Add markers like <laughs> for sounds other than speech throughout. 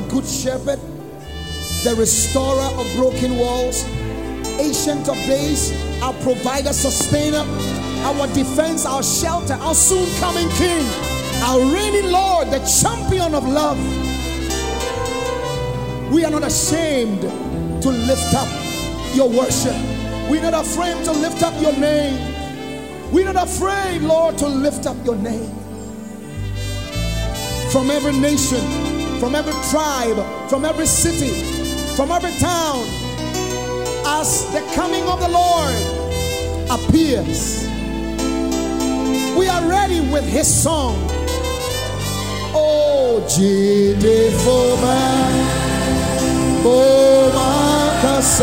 the Good Shepherd, the Restorer of broken walls, Ancient of Days, our Provider, Sustainer, our Defense, our Shelter, our soon coming King, our reigning Lord, the Champion of Love. We are not ashamed to lift up your worship. We're not afraid to lift up your name. We're not afraid, Lord, to lift up your name. From every nation, from every tribe, from every city, from every town, as the coming of the Lord appears. We are ready with his song. Oh, Jide Foma, Foma Kase,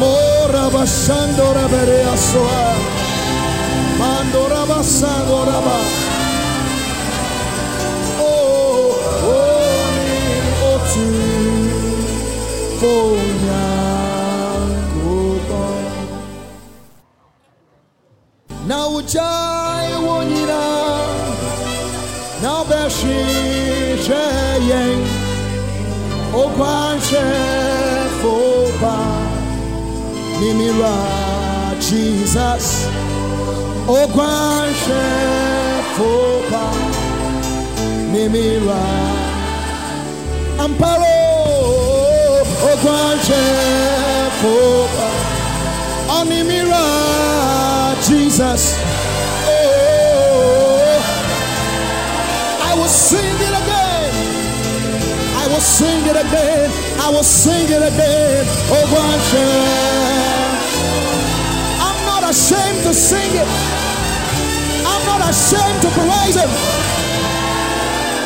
Mora Bashandora Bere soa. Mandoraba sangoraba. Oh, oh, ni otu fonya Na uja wonyina. Na beshi jeyen. O kwanche foba. Mimira. Jesus, o grand chef, Nemira, Amparo, o grand chef, Onimira, Jesus. Oh, I will sing it again. I will sing it again. I will sing it again. Oh, grand chef not ashamed to sing it. I'm not ashamed to praise Him.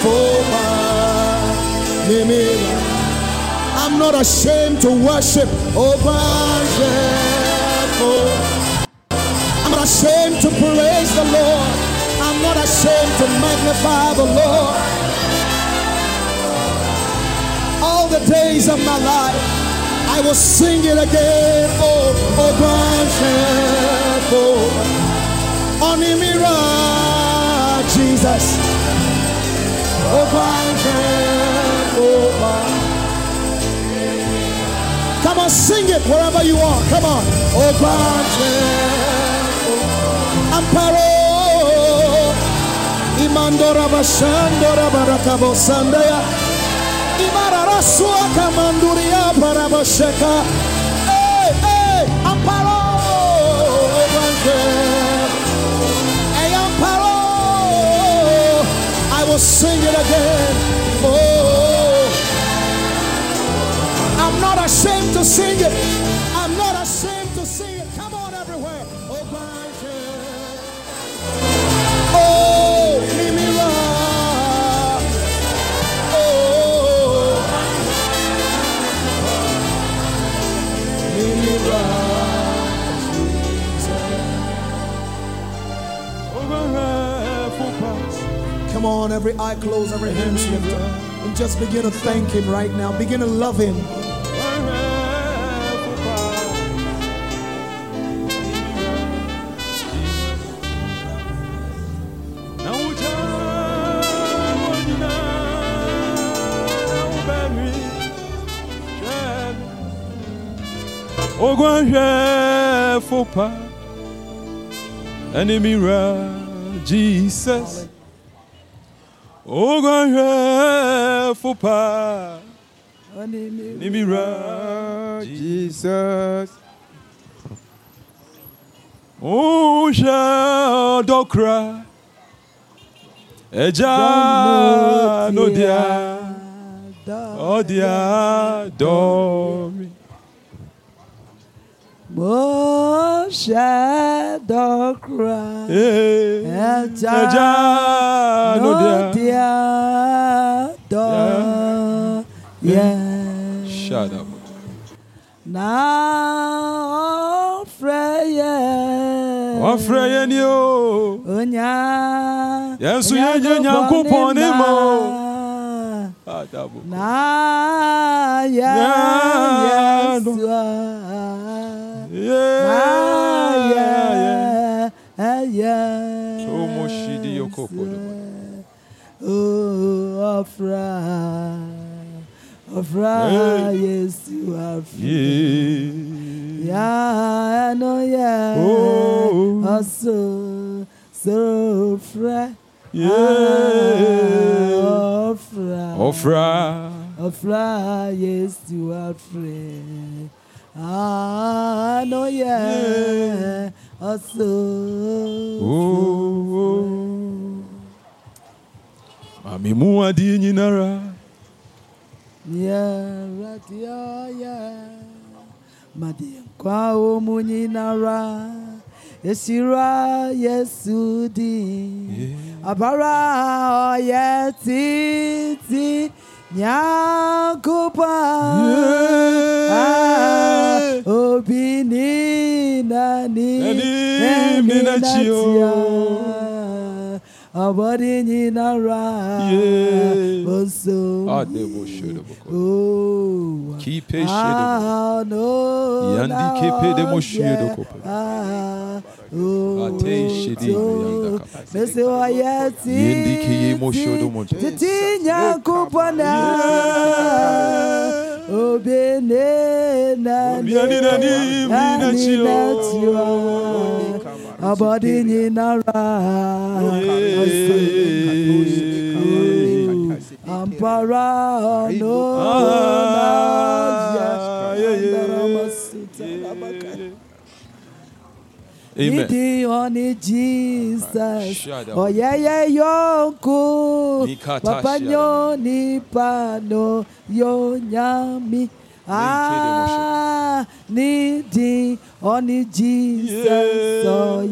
For my I'm not ashamed to worship. Oh, I'm not ashamed to praise the Lord. I'm not ashamed to magnify the Lord. All the days of my life. I will sing it again. Oh, oh, grand shepherd, on the mirror, Jesus. Oh, grand shepherd. Come on, sing it wherever you are. Come on. Oh, grand shepherd, Amparo. Imandora bashandora barakabo sandaya manduria para amparo amparo. I will sing it again. Oh, I'm not ashamed to sing it. every eye closed, every hand lifted And just begin to thank Him right now. Begin to love Him. Ogwanje Fopa, enemy Jesus. Au grand faut pas. Les miracles, Jesus. Oh, Jadokra. Eja no dia. Odia dormi. Oh shadow cry. Ẹja no dear, yeah. Shut up. Na ofreye. Ofreye ni you. Onya. Yesu yenye nyankopon ni mo. Na Oh, afra, afra, yes, you are free. Yeah, I know, yeah. Oh, oh so, so fra. Yeah, ah, ofra, yes, you are free. Anoye Osu. Mami muadi nyinara. Nyara tia ya. Madi kwa omu nyinara. Esira Yesu di. Abara oye titi. Nyakupa, yeah. Ah, obi ni nani ɛni mi na abarinyinara boso adebo ah, shedebo kipe ah. shedebo ah, yandi kipe demo shedebo ate shedi yanda kapa mese wayati yendi ki yemo shodomo titinya kupana obene nani nani nani nani nani abadi ni nara, ampara no Amen. Iti oni Jesus. Oyeye yonku. Papa nyoni pano yonyami. I need thee, only Jesus.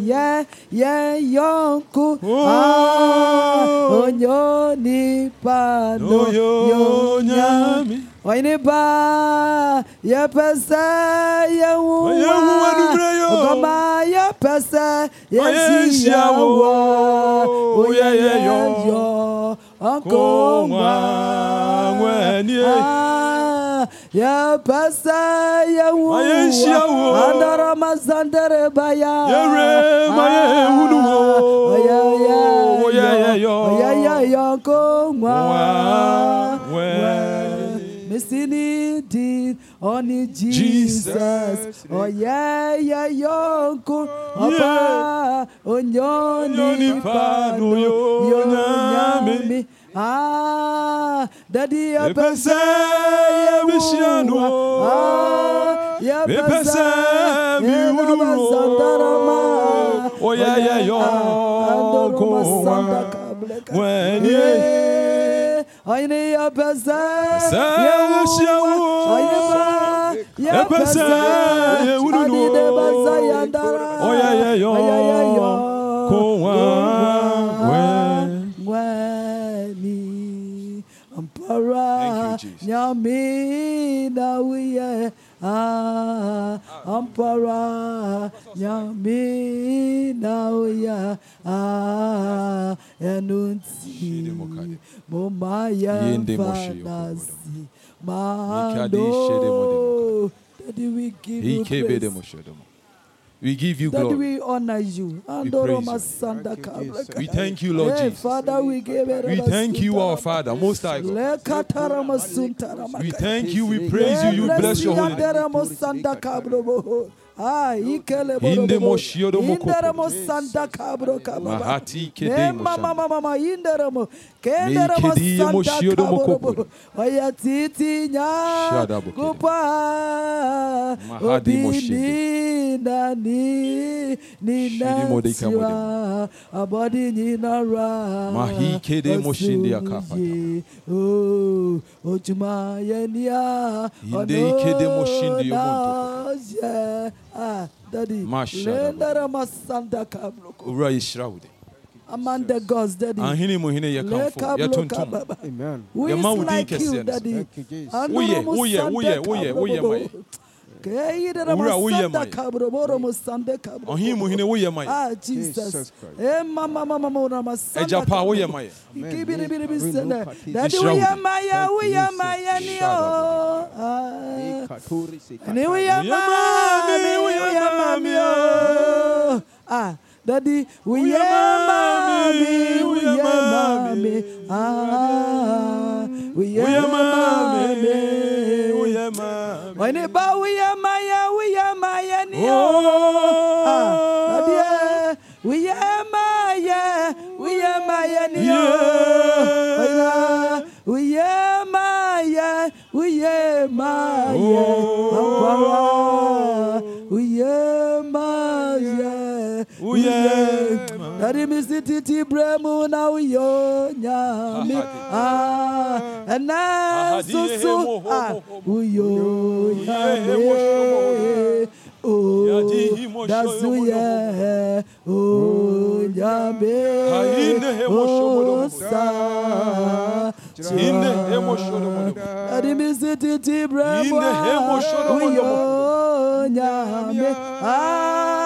Yeah. yonku. Oh, on your nipa, no, yo, nyami. Oini ba, ye pese, ye wuwa. Ogoma, ye pese, ye si ya wo. Oh, yeah, yeah, yo. Onko mwa, mwa, nye. ya basa ya wu andara mazandere baya ya re ma ya hunu wo ya ya ya ya yo ya ya yo ko mwa we mesini did only Jesus oh yeah yeah yo yeah, opa yeah, pa yeah, yo yeah, Ah, daddy, ya pese ya mishianwa. Ah, ya pese mi unuro. Oh ya ya yo konwa. Mwenye. Aine ya pese ya mishianwa. Aine ba ya pese ya unuro. Oh ya ya yo nyame na woyɛ ah, ampara nyame na woyɛ ah, ɛno nti moma yɛmfa nasi mado Daddy, we give you praise. We give you that we honor you. We, praise you. we thank you, Lord eh, Jesus. Father, we, we thank you, our Father, Most High God. We thank you. We eh, praise you. You bless your holy name. Inderemo shiodomo inderemo santa cabro cababa. Mahati kedemo. Mama mama mama inderemo. Kenderemo santa cabro. Ayati tinya. Kupa. Mahadi moshi. Nani nina tia. Abadi nina ra. Mahi kedemo shindi akapata. Oh, ojuma yenia. Inde kedemo shindi yomonto. Ah, daddy. Uraishiraude. Among the gods, daddy. Ahini muhine ya kamfo, ya tuntum. Amen. Who is like you, daddy? Uye, uye, uye, uye, uye, uye. owura woyɛ mayɛ ɔhene muhene woyɛ mayɛ agya paa woyɛ mayɛ woyɛ mayɛ woyɛ mayɛ ne o ne woyɛ maame woyɛ maame o ah Daddy, we are mommy, we are mommy, ah, we are mommy, we are mommy. When it bow, we are maya We are maya ni oh. Oh. Ah, We are maya We are maya ni oh. We are maya We are maya We are maya uye nari misiti ti bremu na uyo nyami ah ena susu ah uyo nyami oh dazuye eh, oh nyami oh sa in the hemo shodomo nari misiti ti bremu na uyo nyami ah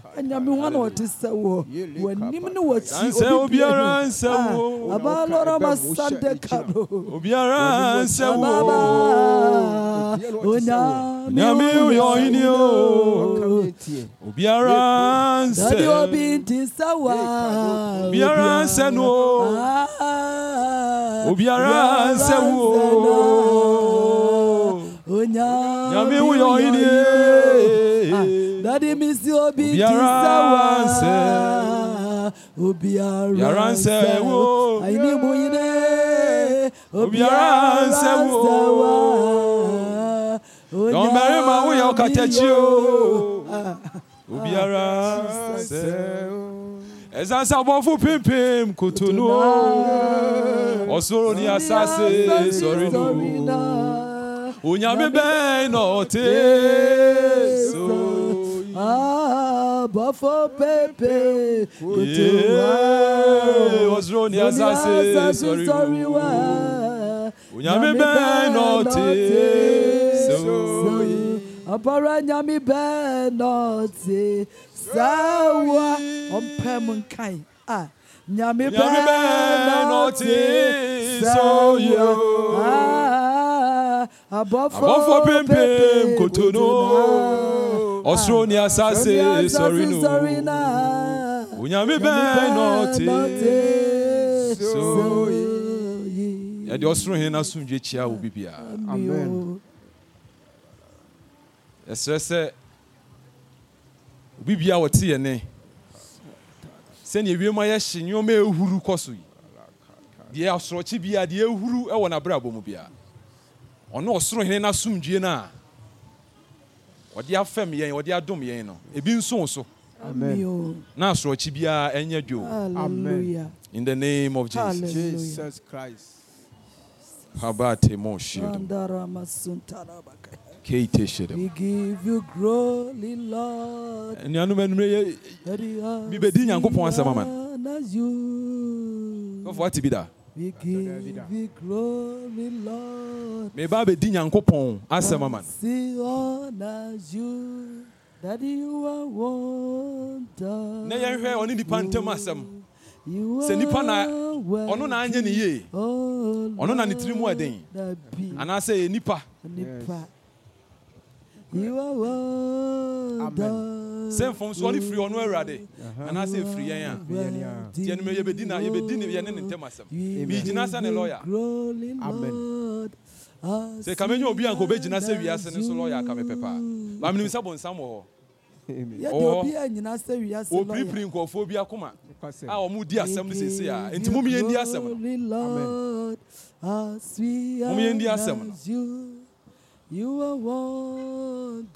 nyame ho na ɔte sɛ wɔ w'anim ne wɔkyi obiara nsɛ wo ah, abalora masante kado obiara nsɛ wo onyame woyɛ ɔhene o obiara nsɛ dade obi nti sɛ wa obiara nsɛ no ah, obiara nsɛ wo onyame woyɛ ɔhene dade mesi obi ti sawa obiara nsɛ wo ayini mu yine obiara nsɛ wo dɔnbɛrima woyɛ ɔkatakyi o ah, ah, ah. obiara nsɛ wo ɛsan sɛ abɔfo pimpim koto no o ɔsoro ne asase sɔre no o onyame bɛn na ɔte so abɔfo pepe kutuwa ɔsoro ni asase sɔri wa onyame bɛn na ɔte so ɔbɔra nyame bɛn na ɔte sawa ɔmpɛ mu nkan nyame bɛn na ɔte so yo. abɔfo pempem kotono ɔsoro ne asase sɔre no onyame bɛn na ɔte so yɛde ɔsoro hene no asomdwe kyia wo bibia yɛsrɛ sɛ obi bia wɔte yɛ ne sɛnea wiem ayɛ hye nneɔma ehuru kɔ so yi deɛ asorɔkye bia deɛ ehuru ɛwɔ n'abrabɔ mu biara ɔno ɔsoro hene n'asomdwie no a ɔde afɛm yɛn ɔde adom yɛn no ebi nso so na asorɔkyi biara ɛnyɛ dwo in the name of jesus, jesus christ Habate We give you glory, Lord. That you to be that? We give you glory, Lord. Meba be di nyankopon asɛm ama no. See honor you that you are wonderful. Ne yɛn hwɛ ɔne nipa ntam asɛm. Sɛ nipa na ɔno na anyɛ ne yie. Ɔno na ne tiri mu ɛden. Anaasɛ nipa. Nipa. Yes. You are worthy. Amen. Same from so free on where are they? Uh-huh. And I say free yeah. Tie no ye be dinner, ye be dinner. ye ne ntem asem. Bi gina sa ne lawyer. Amen. Say kamenyo obi anko be gina sa wiase ne so lawyer ka me pepa. Ma me nisa bonsam ho. obiribiri nkurɔfoɔ bi akoma a ɔmo di asɛm no sese a nti mumiyɛ ndi asɛm no mumiyɛ ndi asɛm no You are wonderful.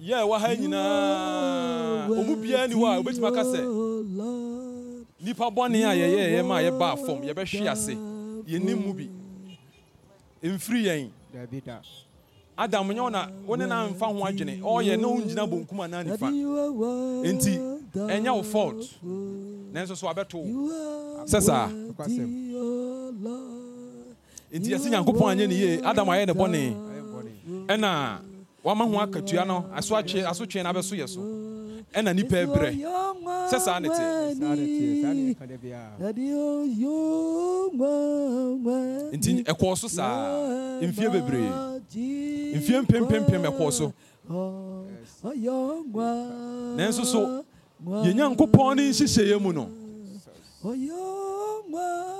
Yẹ ẹ wá ha nyinaa, ọmú biara ni wá a, obetuma aka sẹ, nipa bọ́ni a yẹ yẹ yẹ maa yẹ ba fam, yẹ bẹ hwi ase, yẹ ní mu bi, nfiri yẹn. Dàbí Adam nyɛ ɔna wɔne na nfa ho adwene, ɔyɛ na ɔn gyina bonkum anan nifa, nti ɛnyɛ wo fault, nanso so abɛto wo, sɛ saa nti yɛsɛ nyankopɔn anyɛ ne yie adam ayɛ ne bɔne ɛna wama ho akatua no aso atwe aso twe no abɛso yɛ so ɛna nipa brɛ sɛ saa ne te nti ɛkɔɔ so saa mfie bebree mfie mpempempem ɛkɔɔ so nanso so yɛn nyankopɔn ne nhyehyɛeɛ mu no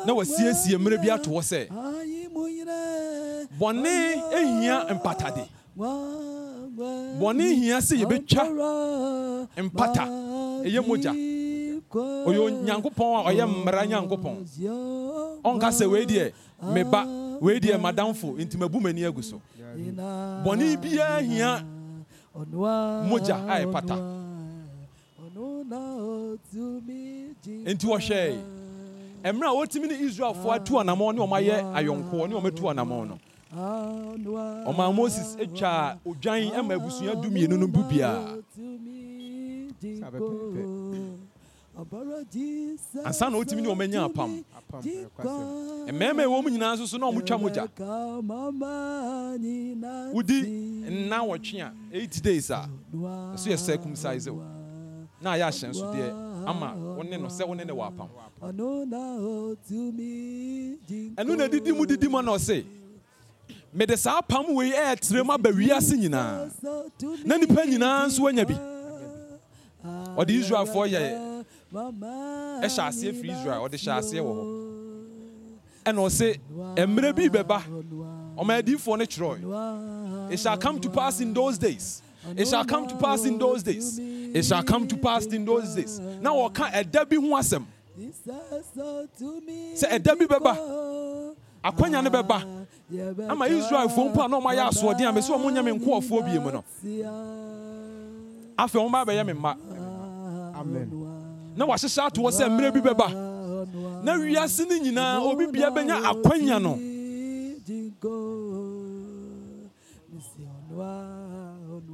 na wɔasiesie mmerɛ bi ato hɔ sɛ bɔne ahia mpatade bɔne hia sɛ yɛbɛtwa mpata ɛyɛ mogya ɔyɛ onyankopɔn a ɔyɛ mmara nyankopɔn ɔnka sɛ wei deɛ meba wei deɛ madamfo nti mabu m'ani agu so bɔne biara hia mogya a ɛpata nti wɔhwɛe mmerɛ a wɔtumi ne israelfoɔ atu anammɔn ne ɔmayɛ ayɔnkoɔ ne ɔmatu anammɔn no ɔma moses atwa odwan ma abusua dumienu no bubiaa ansa na wotumi ne ɔmanya apam mmarima ɛwɔ mu nyinaa nso so na ɔmotwa mogya wodi nna wɔtwe a 8 days a ɛso yɛ circumcise wo na ayɛ ahyɛnsodeɛ ama wone no sɛ wone ne wɔ apam ɛno na didi mu didi mu na ɔse mede saa apam wei ɛyɛtire ma ba wiase nyinaa na nipa nyinaa nso wanya bi ɔde israelfoɔ yɛ ɛhyɛ aseɛ firi israel ɔde hyɛ aseɛ wɔ hɔ ɛna ɔse mmerɛ bi bɛba ɔma adiifoɔ no kyerɛe it shall come to pass in those days it shall come to pass in those days It shall come to pass in those days. Now, what can a Debbie who has them? Say a Debbie Beba. akwanya ne bɛba ama israelfoɔ mpo a na ɔmayɛ asoɔden a mɛ sɛ ɔmonyɛ me nkoɔfoɔ bie mu no afei ɔmba bɛyɛ me mma na wahyehyɛ atoɔ sɛ mmerɛ bi bɛba na wiase no nyinaa obi bia bɛnya akwanya no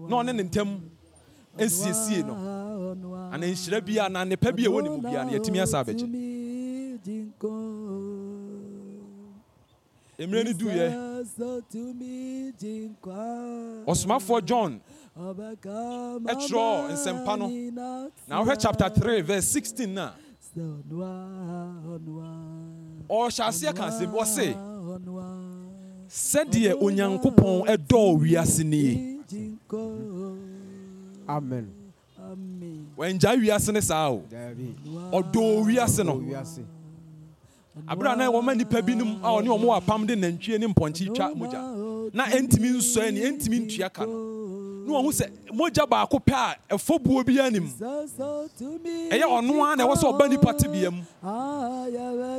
na ɔne ne ntam nsiesie no ana nhyira bi a na nnepa bi a ɛwɔ ne mu bi a yɛtumi asa abɛgye mmerɛ no duiɛ ɔsomafoɔ john ɛtwerɛ nsɛmpa no na wohwɛ chapter 3 verse 16 na ɔhyɛ aseɛ ka asɛm ɔse sɛdeɛ onyankopɔn ɛdɔɔ wiase nie amen wɔngya wiase ne saa o ɔdɔ wiase no abere a na wɔma nnipa binom a ɔne ɔmo apam de nantwie ne mpɔnkye twa mogya na ɛntumi nsɔe ne ɛntumi ntua ka no ne wɔho sɛ mogya baako pɛ a ɛfɔbuo bi anim ɛyɛ ɔno ara na ɛwɔ sɛ ɔba nnipa tebea mu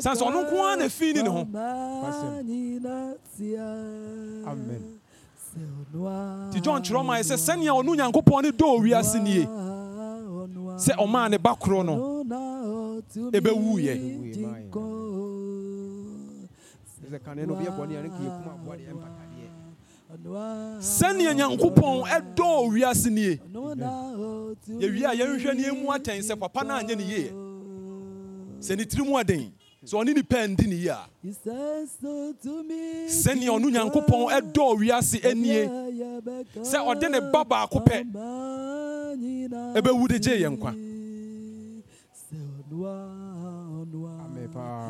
sane sɛ ɔno nko ara na afii ne ne ho amen nti john twerɛ ma sɛ sɛnea ɔno onyankopɔn ne dɔɔ wiase nie sɛ ɔmaa ne ba korɔ no ɛbɛwuiɛ sɛnea nyankopɔn ɛdɔɔ wiase nie yɛwie a yɛnhwɛ ne ɛmu atɛn sɛ papa no anyɛ ne yie sɛ ne tiri mu aden sɛ ɔne nipa ndi ne yi a sɛnea ɔno nyankopɔn ɛdɔɔ wiase anie sɛ ɔde ne ba baako pɛ ɛbɛwu de gye yɛ nkwa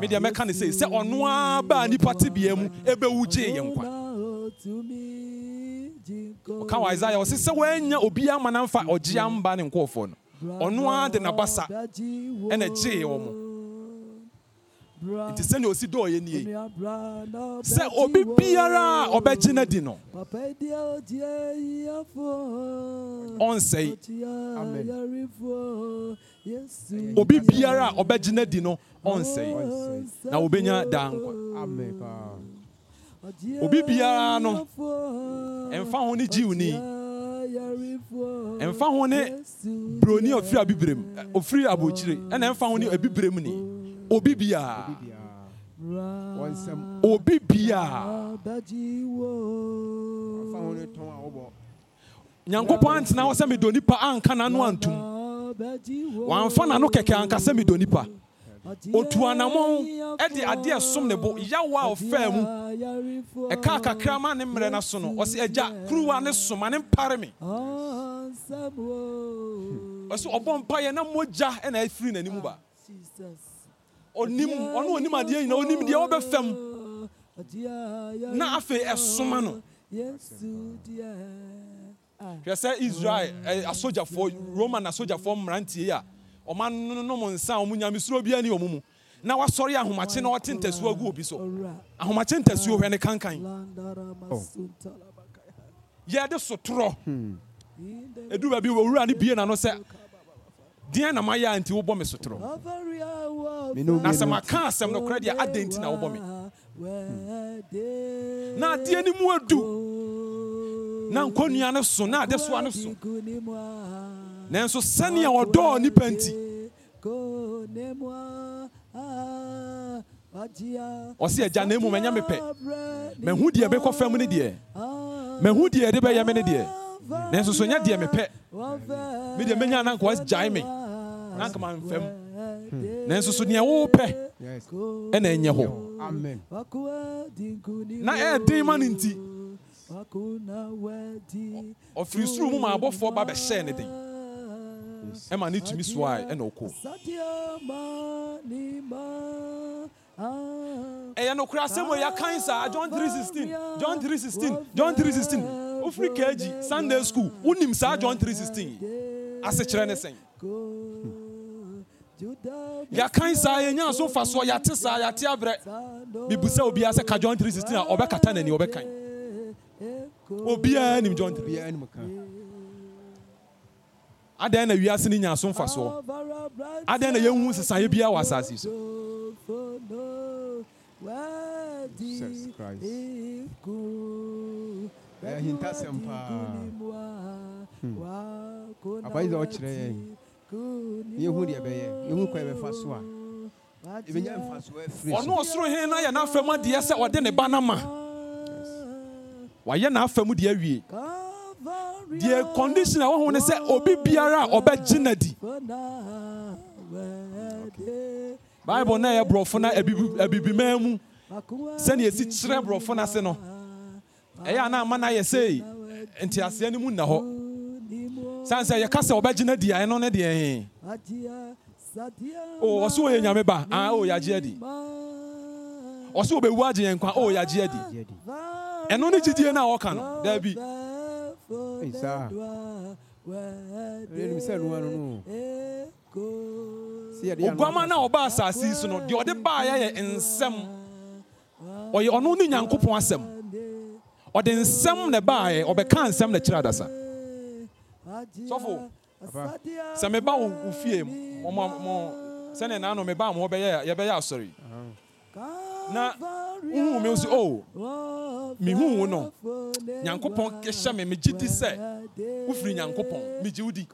medeɛ mɛka ne sei sɛ ɔno ara baa nnipa tebea mu ɛbɛwu gyee yɛ nkwa ɔka wɔ isaia ɔse sɛ woanya obiara ama na mfa ɔgye amba ne nkɔɔfoɔ no ɔno ara de n'abasa ɛna gyee wɔ mo nti sɛnea osi dɔɔ yɛ nie sɛ obi biara a ɔbɛgye no di no ɔnsɛe obi biara a ɔbɛgye no di no ɔnsɛe na wobɛnya daa nkwa obi biara no ɛmfa ho ne gyiwni ɛmfa ho ne buroni a ɔfiri abibrem ɔfiri abokyire ɛna ɛmfa ho ne abibrem ni obi biara obi biara nyankopɔn antena hɔ sɛ medɔ nipa anka n'ano antum wamfa n'ano kɛkɛ anka sɛ medɔ nipa otu anammɔn de adeɛ som ne bo yawa a ɔfaa mu ɛka kakrama ne mmerɛ no so no ɔsɛ agya kuruwa ne soma ne mpare me ɔsɛ ɔbɔ mpayɛ na mogya na afiri n'anim ba ah, ɔnim ɔno ɔnim adeɛ nyina ɔnim deɛ wɔbɛfam na afei ɛsoma no hwɛ sɛ israel eh, asogyafoɔ roman asogyafoɔ mmerantie a ɔma nonom nsa a ɔmo nyamesuro biara ni ɔmo mu na wasɔre ahomakye na ɔte ntasuo agu obi so ahomakye ntasuo hwɛ ne kankan oh. yɛde sotorɔ hmm. edu baabi wɔwura ne bie n'ano sɛ deɛ na mayɛ a nti wobɔ me sotorɔ na sɛ maka asɛm nokorɛ deɛ adɛn nti na wobɔ me hmm. na adeɛ no mu adu na nkɔnnua no so na adesoa no so nanso sɛnea wɔdɔɔ nnipa nti ɔsi agya na emu mɛnya mepɛ mɛhu deɛ bɛkɔ fam ne deɛ mɛhu deɛ ɛde bɛyɛ me ne deɛ nanso so nyɛ deɛ mepɛ me deɛ mɛnya na nkoa gyae me na nka mamfam hmm. nanso so deɛ wopɛ ɛna ɛnyɛ hɔ na ɛɛden ma no nti ɔfiri soro mu ma abɔfoɔ ba bɛhyɛɛ ne den ɛma ne tumi so a ɛna ɔkɔ ɛyɛ nokorɛ asɛm a yɛakan saa john 316 john 316 john 316 wofiri kg sunday school wonim saa john 316 asekyerɛ ne sɛn yɛkan saa yɛnya so fa soɔ yɛate saa yɛate abrɛ mibisa obiaa sɛ ka john 316 a ɔbɛkata n'ani ɔbɛkan obiaa nim john 3 adɛn na wiase no nya so mfasoɔ adɛn na yɛhu sesaeɛ biara wɔ asase so Jesus Christ ahintasɛm paa hmm. abayi ɔkyerɛ yɛn yɛhu deɛ ɛbɛyɛ yɛhu kɔ ɛbɛfa so a ɛbɛnya mfasoɔ afiri ɔno ɔsoro hen no ayɛ n'afam adeɛ sɛ ɔde ne ba no ma wayɛ n'afam deɛ awie deɛ condition a wɔho ne sɛ obi biara a ɔbɛgye na di bible na ɛyɛ borɔfo no abibimaa mu sɛneɛ ɛsi kyerɛ borɔfo no ase no ɛyɛ ana ama no ayɛ sei nti aseɛ no mu nna hɔ sane sɛ yɛka sɛ wɔbɛgyena di a ɛno ne deɛ ɔ sɛ ɔyɛ nyame ba ɔ yɛagye adi ɔ sɛ wɔbɛwu agye yɛn nkwa ɔ yɛagye adi ɛno ne gyidie no a wɔka no daabi oguama no a ɔba asase yi so no deɛ ɔde baayɛ yɛ nsɛm ɔyɛ ɔno ne nyankopɔn asɛm ɔde nsɛm na baayɛ ɔbɛka nsɛm na kyerɛ adasa sɔfo sɛ meba wo wo fie mu sɛne naano meba mo yɛbɛyɛ asɔre na wohu me so o oh, mehu wo no nyankopɔn hyɛ me megye di sɛ wofiri nyankopɔn megye wo di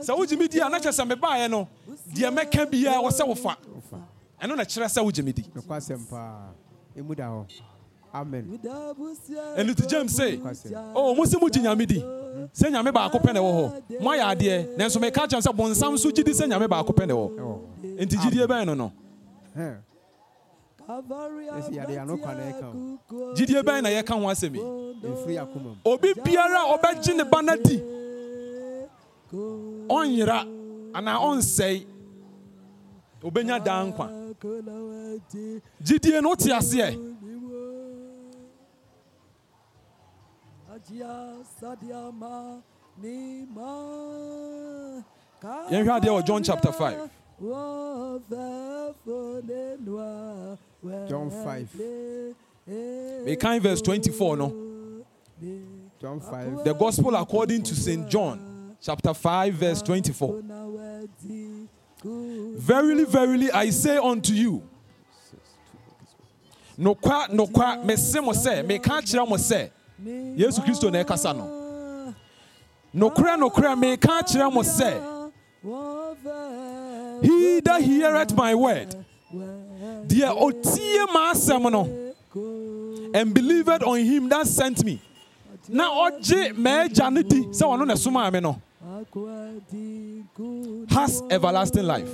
sɛ wogye me di a na kyerɛ sɛ mebaeɛ no deɛ mɛka biara wɔ sɛ wofa ɛno na kyerɛ sɛ wogye me di nokwa asɛm paa ɛmu da hɔ amen ɛno nti james se o mo sɛ mogye nyame di sɛ nyame baako pɛ ne wɔ hɔ moayɛ adeɛ nanso meka kyerɛm sɛ bonsam so gye di sɛ nyame baako pɛ ne wɔ enti gyidie bɛn no no gyidie bɛn na yɛka ho asɛm yi obi biara a ɔbɛgye ne ba no di ɔnyera anaa ɔnsɛe obenya daa nkwa gyidie no wote aseɛ yɛnhwɛ adeɛ wɔ john chapter 5 john 5 mekan verse 24 no john 5 the gospel according to st john chapter 5 verse 24 Verily, verily, I say unto you, no qua mese mo sɛ me kyerɛ mo se. yesu kristo ne kasano. no nokora nokora meka kyerɛ mo se. he that heareth my word deɛ otie m'asɛm no and believed on him that sent me na oje me no di sɛ ne suma ɛsomaa me no has everlasting life.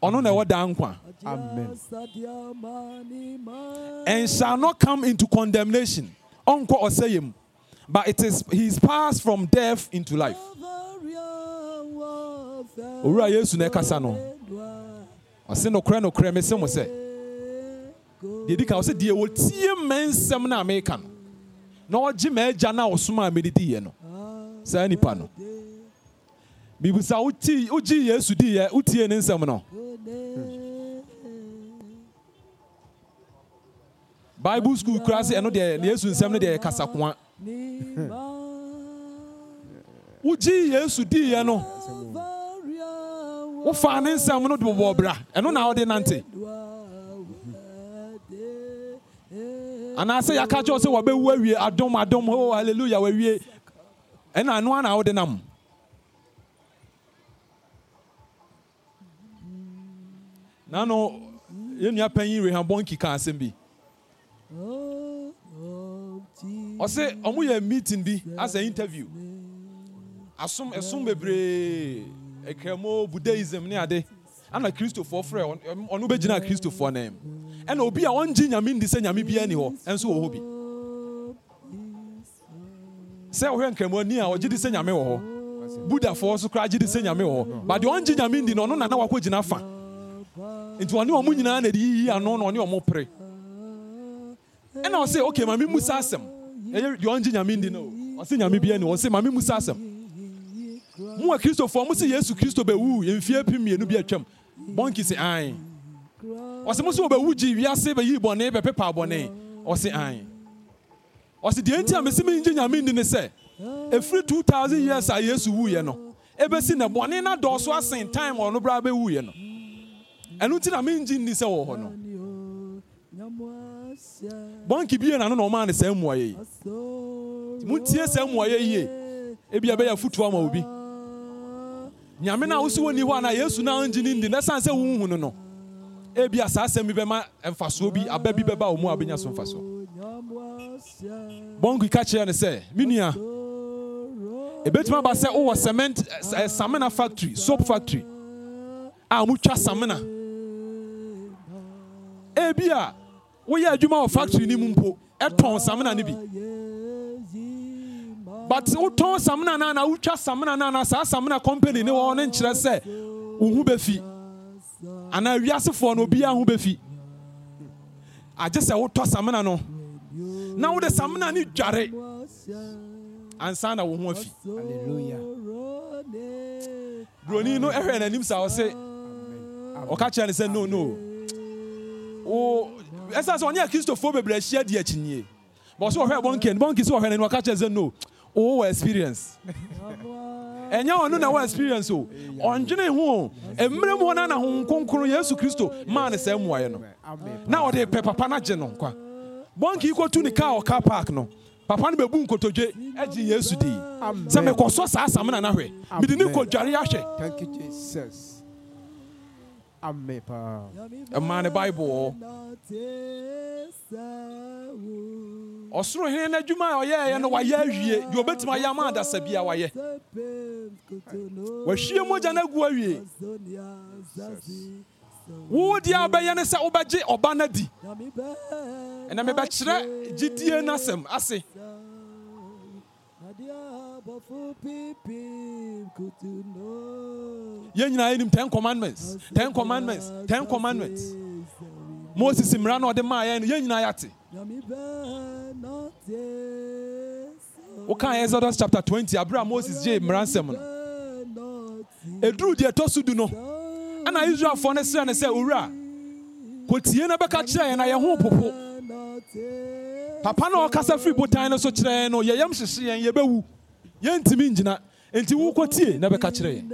Ɔno na ɛwɔ daa nkwa. Amen. And shall not come into condemnation. Ɔnkɔ ɔsɛyɛ mu. But it is he is passed from death into life. Owura Yesu na ɛkasa no. Ɔse nokorɛ nokorɛ me se mo sɛ. Deɛ di kan ɔsɛ deɛ wɔtie mmɛ nsɛm na meka no. Na ɔgye mɛ agya na ɔsoma a medidi yɛ no. Saa nipa bibisa wogyi yesu diiɛ wotie ne nsɛm no bible school kura se ɛno deɛ yesu nsɛm no deɛ yɛ kasakoa wogyi yesu diiɛ no wofaa ne nsɛm no de na bra ɛno na wode nante anaasɛ yɛaka kyerɛw sɛ wɔbɛwu awie adom adom o oh, halleluya wawie ɛna ɛno ana wode nam nano yɛnua panyin rehabɔnki ka asɛm bi ɔsɛ ɔmo yɛ meeting bi asɛ interview asom ɛsom bebree ɛkrɛmo buddhism ne ade ana kristofoɔ frɛ ɔno bɛgyina kristofoɔ nam ɛna obi a ɔngye nyame ndi sɛ nyame biara ni hɔ ɛnso wɔ hɔ bi sɛ wohwɛ nkramani a ɔgye di sɛ nyame wɔ hɔ budafoɔ so koraa gye di sɛ nyame wɔ hɔ but deɛ ɔngye nyame ndi no ɔno nana wakɔgyina fa nti ɔne ɔmo nyinaa na ɛde yiyi ano na ɔne ɔmo pere ɛna ɔse okay maame musa asɛm ɛyɛ deɛ ɔngye nyame ndi no ɔse nyame bia ni ɔse maame musa asɛm mo a kristofoɔ mo se yesu kristo bɛwu mfie pi mmienu bi atwam bɔnki se an ɔse mo se wɔbɛwu gye wiase bɛyi bɔne bɛpepa bɔne ɔse an ɔse deɛ nti a mesi me ngye nyame ndi ne sɛ ɛfiri 2000 years a yesu wuiɛ no ɛbɛsi ne bɔne na dɔɔso asen time ɔno bra bɛwuiɛ no ɛno nti na mengye nni sɛ wɔ hɔ no bɔnke bie nano na ɔmaa ne saa mmuayɛ yi montie saa mmuayɛ yie ebia bɛyɛ afotuo ama obi nyame no a wosi wɔni hɔ ana yesu no angye ne ndi na ɛsiane sɛ wohu no no ebia saa asɛm bi bɛma mfasoɔ bi aba bi bɛba wɔ mu a wobɛnya so mfasoɔ bɔnke ka kyerɛ ne sɛ me nua ɛbɛtumi aba sɛ wowɔ cement samina factory sop factory a motwa samina ebi a woyɛ adwuma wɔ factory ni mu mpo ɛtɔn samina ni bi but wotɔn samina na na wotwa samina na na saa samina company ni wɔn ne nkyerɛ sɛ ohu bɛ fi anaa wiasefoɔ no obiara ho bɛ fi agye sɛ wotɔ samina no na wode samina ni dware ansa na wo ho afi buroni no ɛhwɛ n'anim sa ɔse ɔka kyerɛ ne sɛ no no. wo ɛsɛ sɛ ɔne akristofoɔ bebree ahyia di akyi nie bɔ so wɔhwɛ bɔnke no bɔnke so wɔhwɛ ne wɔka kyerɛ sɛ no wo wɔ experience ɛnyɛ ɔno na ɛwɔ experience o ɔndwene ho o mmerɛ mu hɔ no ana yesu kristo maa ne saa mmuaeɛ no na ɔde pɛ papa no agye no nkwa bɔnke kɔtu ne kaa ɔka park no papa no bɛbu nkotodwe agye yesu dii sɛ mekɔsɔ saa asam na nahwɛ mede ne kɔdware ahwɛ Amen pa. Ɛmaa ne Bible wɔ. Ɔsoro hene n'adwuma a ɔyɛ yɛ no wayɛ awie. Deɛ obetuma yɛ ama adasa bi a wayɛ. Wahwie mogya no agu awie. Wo deɛ a wobɛyɛ ne sɛ wobɛgye ɔba no adi. Ɛna mebɛkyerɛ gyidie n'asɛm ase. yɛn nyinaa yɛnim ten commandments ten commandments ten commandments moses mmara na ɔde maa yɛn no yɛn nyinaa yɛate woka exodus chapter 20 aberɛ moses gyee mmara nsɛm no ɛduruu deɛ ɛtɔ so du no ana israelfoɔ no srɛ no sɛ owura kɔtie no bɛka kyerɛ yɛn na yɛho popo papa na ɔkasa firi botan no so kyerɛ yɛn no yɛyam hyehye yɛn yɛbɛwu yɛntumi ngyina enti wokɔtie na bɛka kyerɛ yɛn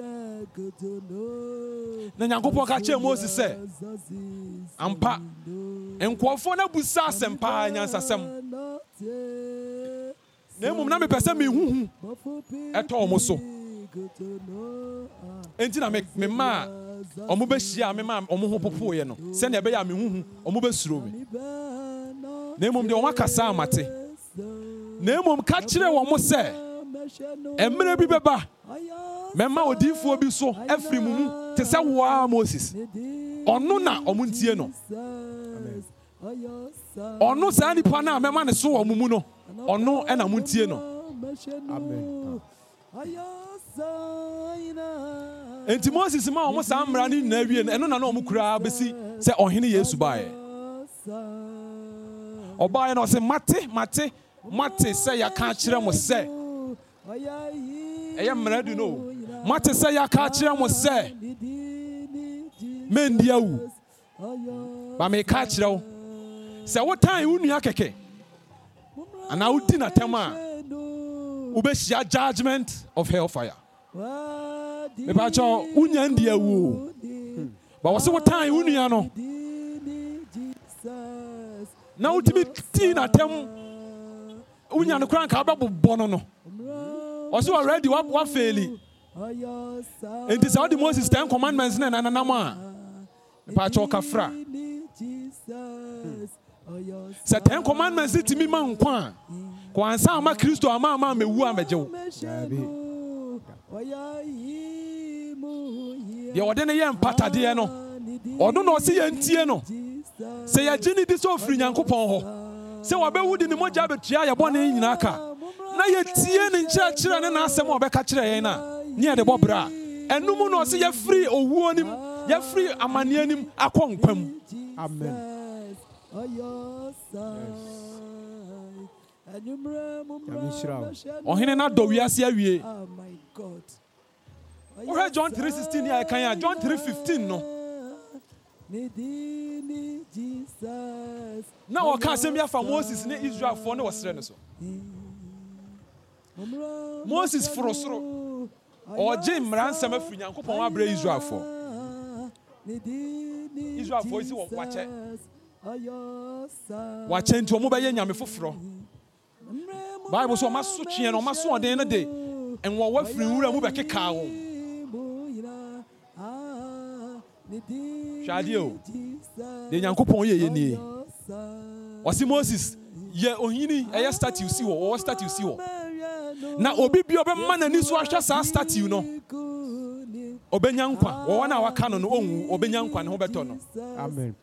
na nyankopɔn ka kyerɛ moses sɛ ampa nkurɔfoɔ no busa asɛm paa nyansasɛm na mmom na mepɛ sɛ mehuhu ɛtɔ ɔmo so enti na memaa ɔmo bɛhyia a memaa ɔmo ho popooeɛ no sɛnea ɛbɛyɛ a mehuhu ɔmo bɛsuro me na mmom deɛ ɔmo saa amate na mmom ka kyerɛ wɔ mo sɛ mmerɛ bi bɛba mɛma odiifoɔ bi so afiri mu mu te sɛ waa moses ɔno na ɔmo ntie no ɔno saa nipa na a mɛma ne so wɔ mo mu no ɔno ɛna mo ntie no enti moses ma ɔmo saa mmara no nyinaa wie no ɛno na na ɔmo kuraa bɛsi sɛ ɔhene yesu baeɛ ɔbaeɛ na ɔse mate mate mate sɛ yɛaka kyerɛ mo sɛ ɛyɛ mmerɛ di no moate sɛ yɛaka akyerɛ mo sɛ mendi awu ba meka akyerɛ wo sɛ wotan wo nua kɛkɛ anaa wodi natɛm a wobɛhyia judgment of hellfire mepakyɛ wonya ndi awu ba wɔ sɛ wotan wo nua no na wotumi tii natɛm wonya no kora nka wobɛbobɔ no no ɔsi already wa wa feeli. nti sɛ ɔdi moses ten commandments na nanam a mpatsɛ ɔkafra hmm. sɛ ten commandments ti mi ma nkwa a kò ansa ama kristo ama ama ama ewu amagye wo deɛ ɔde ne yɛ mpatadeɛ no ɔno na ɔsi yɛ ntie no sɛ yɛgye ni di sɛ ofiri nyankopɔn hɔ sɛ wɔbɛwu di ne mogya abetua yɛbɔ ne nyinaa ka na yɛtie ne nkyerɛkyerɛ ne n'asɛm a ɔbɛka kyerɛ yɛn na ne yɛde bɔ bra ɛno mu na ɔsɛ yɛfiri owuo nim yɛfiri amanneɛ nim akɔ nkwa mu amen ɔhene no adɔ wiase awie wohwɛ john 316 a ɛkan a john 315 no na ɔka asɛm bi afa moses ne israelfoɔ ne wɔserɛ no so moses foro soro ɔgye mmara nsɛm afiri nyankopɔn abrɛ israelfoɔ israelfoɔ si wɔn wakyɛ wakyɛ nti ɔmo bɛyɛ nyame foforɔ bible sɛ ɔma so tweɛ no ɔma so ɔden no de nwɔwɔ firi nwura mu bɛkekaa wɔn hwɛ adeɛ o deɛ nyankopɔn yɛ yɛ nie ɔse moses yɛ ohini ɛyɛ statue si wɔ wɔwɔ statue si wɔ na obi bi ɔbɛma n'ani so ahwɛ saa statue no ɔbɛnya nkwa wɔwɔ no a waka no no ɔnwu ɔbɛnya nkwa ne ho bɛtɔ no amen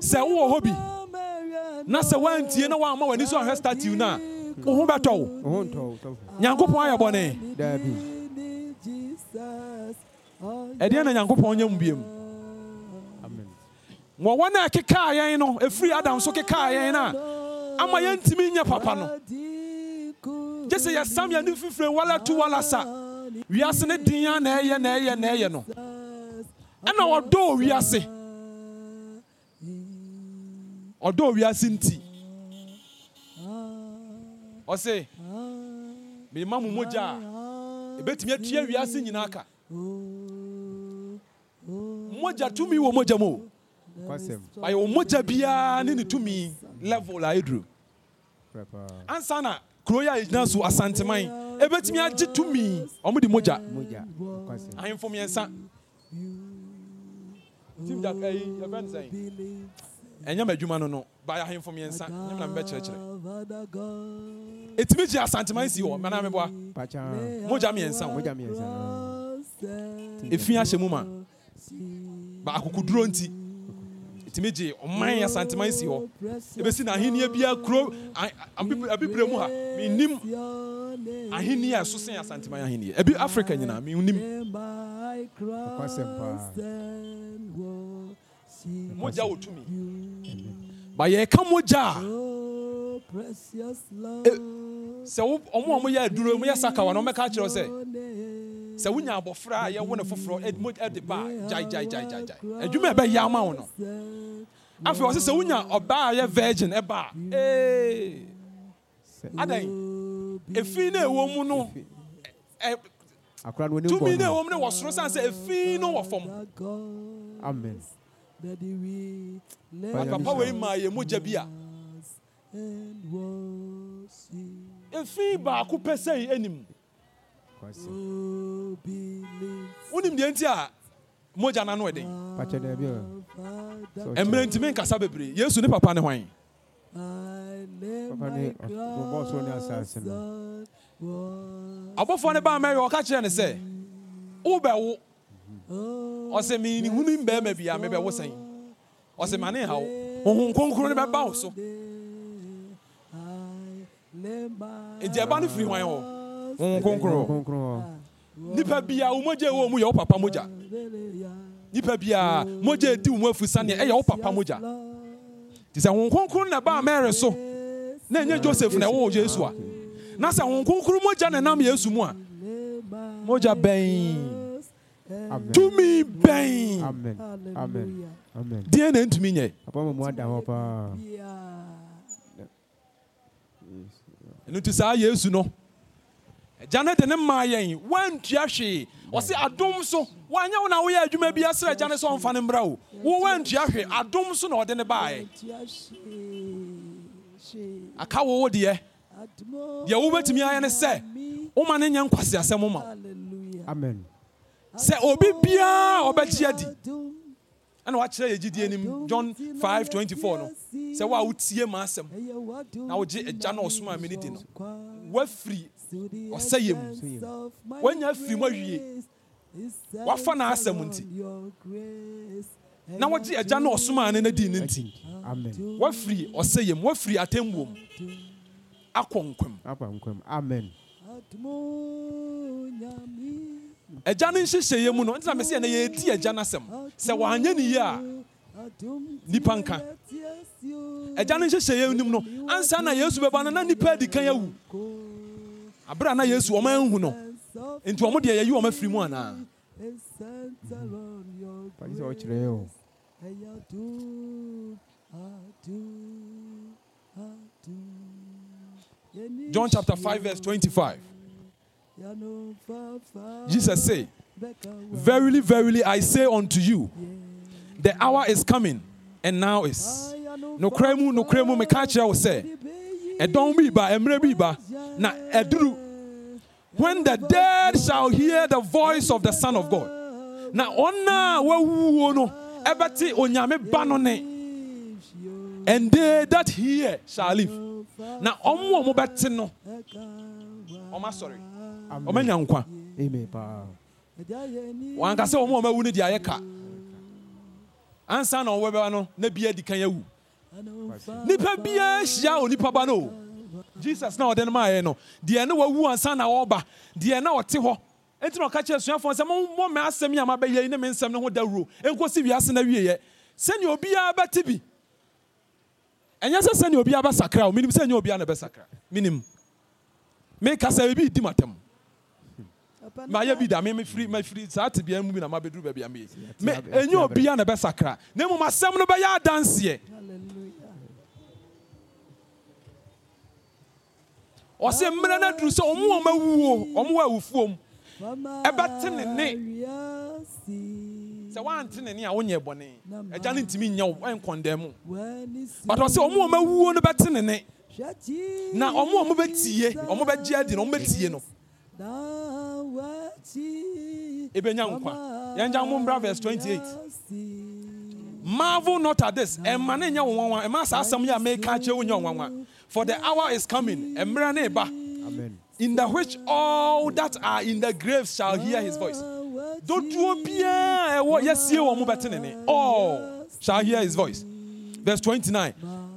sɛ wowɔ hɔ bi na sɛ woantie na woamma w'ani so ahwɛ statue no a wo ho bɛtɔ wo nyankopɔn ayɛ bɔne ɛdeɛ na nyankopɔn nyɛ mu biemu wɔwɔ no a ɛkekaa yɛn no ɛfiri adam so kekaa yɛn no a ama yɛntumi nyɛ papa no gye sɛ yɛsam yɛne mfimfiri wala to wala sa wiase ne din a na ɛyɛ na ɛyɛ na ɛyɛ no ɛna ɔdɔɔ wiase ɔdɔɔ wiase nti ɔse mema mo mogya a ɛbɛtumi atua wiase nyinaa ka mogya tumi wɔ mogya mu o ɔyɛ wɔn mogya biara ne ne tumi level a ɛduru ansa na kuro yi a yɛgyina so asanteman ebetumi agye tumi wɔn de Moja. ahemfo mmiɛnsa tim jack ɛyi yɛbɛn ne sɛn ɛnyɛ mɛ adwuma no no baayɛ ahemfo mmiɛnsa nyɛ na mbɛkyerɛkyerɛ etumi gye asanteman si hɔ mɛna mɛboa mogya mmiɛnsa efi ahyɛ mu ma baako kuduro nti asanteme gye ɔman asantema si hɔ ebesi na ahenni bia kuro abibire mu ha menim ahenni a ɛso sen asantema ahenni ebi africa nyinaa menim mogya wɔ tumi ba yɛka mogya a sɛ ɔmo a moyɛ aduro moyɛ sakawa na ɔmɛka akyerɛ sɛ sɛ wonya abɔfra a yɛwo ne foforɔ de ba gyaegyaegyaegyae adwuma ɛbɛyɛ ama wo no afei ɔse sɛ wonya ɔbaa a yɛ virgin ɛba a adan efi na ɛwɔ mu no tumi na ɛwɔ mu no wɔ soro san sɛ efi no wɔ fam amen papa wei maa yɛ mogya bi a efi baako pɛ sɛ enim wonim deɛ nti a mogya na no ɛden mmerɛ ntimi nkasa bebree yesu ne papa ne hwan abɔfoɔ no baa mary ɔka kyerɛ ne sɛ wobɛwo ɔsɛ mene hunu bɛrima bia mebɛwo sɛn ɔsɛ mane ha wo honhom kronkron no bɛba wo so nti ɛba no firi hwan hɔ honhom kronkron ah, nipa bia wo mogya wɔ mu yɛ wo papa mogya ah, nipa bia mogya di wo mu afu saneɛ ɛyɛ e wo papa mogya te sɛ honhom kronkron na baa mɛre so na ɛnyɛ joseph na ɛwɔ yesu a na sɛ honhom kronkron mogya na nam yesu mu a mogya bɛn tumi bɛn deɛ na ntumi nyɛ ɛno nti sa yesu no agya no de ne maa yɛn woantua hwee ɔse adom so woanyɛ wo na woyɛ adwuma bi asrɛ agya ne sɛ ne mmra wo wo woantua hwee adom so na ɔde ne baeɛ aka wo wo deɛ deɛ wobɛtumi ayɛ ne sɛ woma ne nyɛ nkwaseasɛm ma amen sɛ obi biara ɔbɛgye adi ɛna wakyerɛ yɛ gyidie nim john 5 24 no sɛ wo a wotie ma asɛm na wogye agya no ɔsoma a mene di no woafiri ɔsɛ yɛ mu wɔanya afiri mu awie wafa n'asɛm nti na wɔgye agya na ɔsomaa ne no dii ne nti wafiri ɔsɛ yɛ mu wafiri atemmuo mu akɔ nkwam amen agya no nhyehyɛeɛ mu no ntina mɛ sɛ yɛnɛ yɛdi agya no asɛm sɛ wɔanyɛ ne yie a nipa nka agya no nhyehyɛeɛ nim no ansa na yesu bɛba no na nipa adi kan awu yesu no nti mu pàṣẹ o. John chapter 5, verse 25. Jesus said, Verily, verily, I say unto you, the hour is coming, and now is. No kremu, no kremu, me catch sɛ ɛdɔm bi ba mmerɛ bi ba na ɛduru when the dead shall hear the voice of the son of god na wɔn a wɔawuo ebati ɛbɛte onyame ba no and they that hear shall live Now, wɔn a wɔbɛte no wɔn asɔre wɔn anya nkwa wɔn ankasa wɔn a wɔn awu no Answer ayɛ ka ansa na wɔn no na bi adi kan awu. nipa biara hyia onipa ba no jesus na ɔde no maa yɛ no deɛ ne wawu ansa na ɔreba deɛ na ɔte hɔ nti na ɔka kyerɛ suafoɔ sɛ mɔ mɛ asɛm yi a mabɛyɛ yi ne me nsɛm ne ho dawuro nkosi wiase na wieɛ sɛnea obiara bɛte bi ɛnyɛ sɛ sɛnea obiara bɛsakra o menim sɛnea obiara na bɛsakra menim mekasa ebi di matam mayɛ bi da mefiri mefiri saa tebea mu bi na mabɛduru baabi a meyɛ ɛnyɛ obiara na bɛsakra na mmom asɛm no bɛyɛ adanseɛ ɔsɛ mmerɛ no aduru sɛ ɔmo ɔma wuo ɔmo wɔ awufuom ɛbɛte ne ne sɛ woante ne ne a wonyɛ bɔne agya no ntumi nyɛ wo ɛnkɔndɛn mu but ɔsɛ ɔmo ɔma wuo no bɛte ne ne na ɔmo ɔmo bɛtie ɔmo bɛgye adi no ɔmo bɛtie no nkwa yɛngya mo mbra verse 28 marvel not at this ɛma ne nyɛ wo nwanwa ɛma saa asɛm a meka akyerɛ wo nyɛ wo nwanwa For the hour is coming, Amen. in the which all that are in the grave shall hear his voice. Don't eh, All shall hear his voice. Verse 29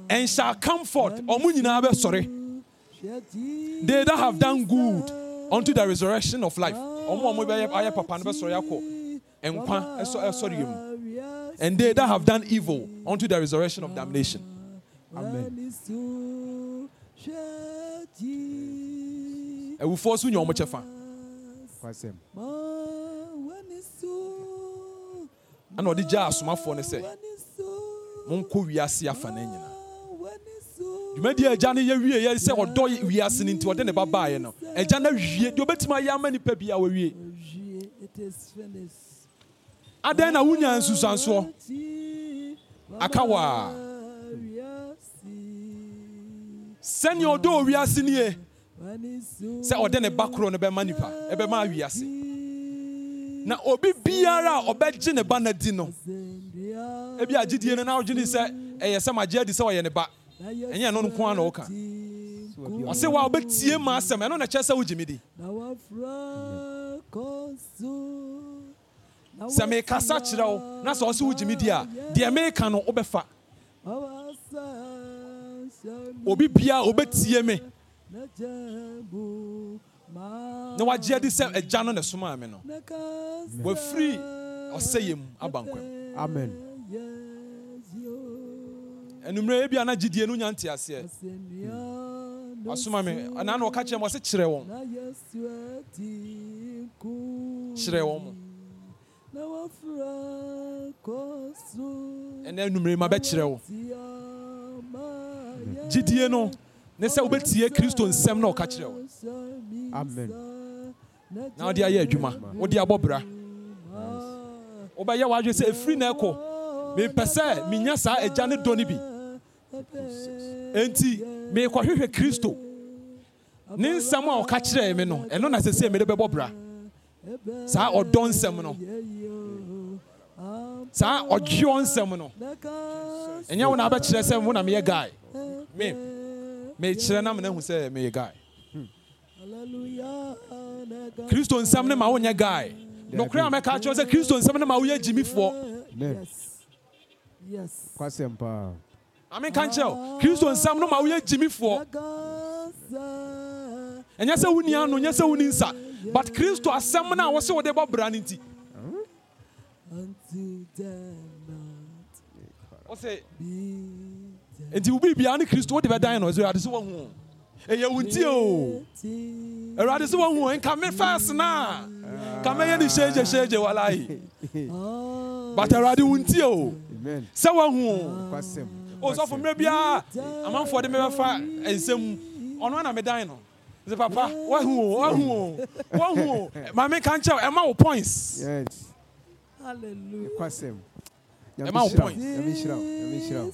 And shall come forth, sorry, they that have done good unto the resurrection of life. And they that have done evil unto the resurrection of damnation. Amen. ɛwufoɔ so nya ɔmo kyɛfa ɛna ɔde gya asomafoɔ no sɛ monkɔ wiase afa no nyina dwumadiɛ agya no yɛwie yɛ sɛ ɔdɔ wiase no nti ɔde ne babaeɛ no agya no ya deɛ ɔbɛtumi ayɛ ama wawie adɛn na wonya aka wɔ a sɛnea ɔdɔ owiase nie sɛ ɔde ne ba korɔ no bɛma nipa ɛbɛma awiase na obi biara a ɔbɛgye ne ba no di no ebi agyedie no na ɔgyene sɛ ɛyɛ sɛ magye adi sɛ ɔyɛ ne ba ɛnyɛ ɛno nko a na ɔka ɔse wa wobɛtie ma asɛm ɛno na kyerɛ sɛ wogye me di sɛ merekasa kyerɛ na sɛ ɔse wogye me di a deɛ mereka no wobɛfa obi biara obɛtie me na wagye adi sɛ agya no na ɛsomaa me no wafiri ɔsɛyɛ mu aba nkwam amen anummerɛ ebi ana gyidie no nya nte aseɛ wasoma me anaa na ɔka kyerɛ m ɔse kyerɛ wɔn kyerɛ wɔn mo ɛnɛ anummerɛ ma bɛkyerɛ wo gyidie no ne sɛ wobɛtie kristo nsɛm na ɔka kyerɛ wo amen na wode ayɛ adwuma wode abɔ bra wobɛyɛ w'adwene sɛ ɛfiri na ɛkɔ mepɛ sɛ menya saa agya ne dɔ no bi enti merekɔhwehwɛ kristo ne nsɛm a ɔka kyerɛɛ me no ɛno na sɛ sɛ mede bɛbɔ bra saa ɔdɔ nsɛm no saa ɔdweɔ nsɛm no ɛnyɛ wo na abɛkyerɛ sɛ wo na meyɛ guy me mekyerɛ na menahu sɛ meyɛ guy hmm. kristo nsɛm ne ma wonyɛ guy nokorɛ a mɛka kyerɛ sɛ kristo nsɛm ne ma woyɛ gyimifoɔ kwasɛm paa ameka nkyerɛ kristo nsɛm no ma woyɛ gyimifoɔ ɛnyɛ sɛ woni ano nyɛ sɛ woni nsa but kristo asɛm no a wɔ sɛ wode bɔ no nti ɔsɛ nti wo biribia ne kristo wode bɛdan no ɛsɛ awurade sɛ woahu ɛyɛ wo ntie o awurade sɛ woahu nka me fas no a ka mɛyɛ ne hyɛgyehyɛgye walae but awurade wo ntie o sɛ woahu ɔsɔfo mmerɛ biara amanfoɔ de mɛbɛfa nsɛm ɔno ana medan no sɛ papa woahu o woahu o woahu o ma meka nkyɛw ɛma wo points Hallelujah ma wo point. nyame hyira wo nyame hyira wo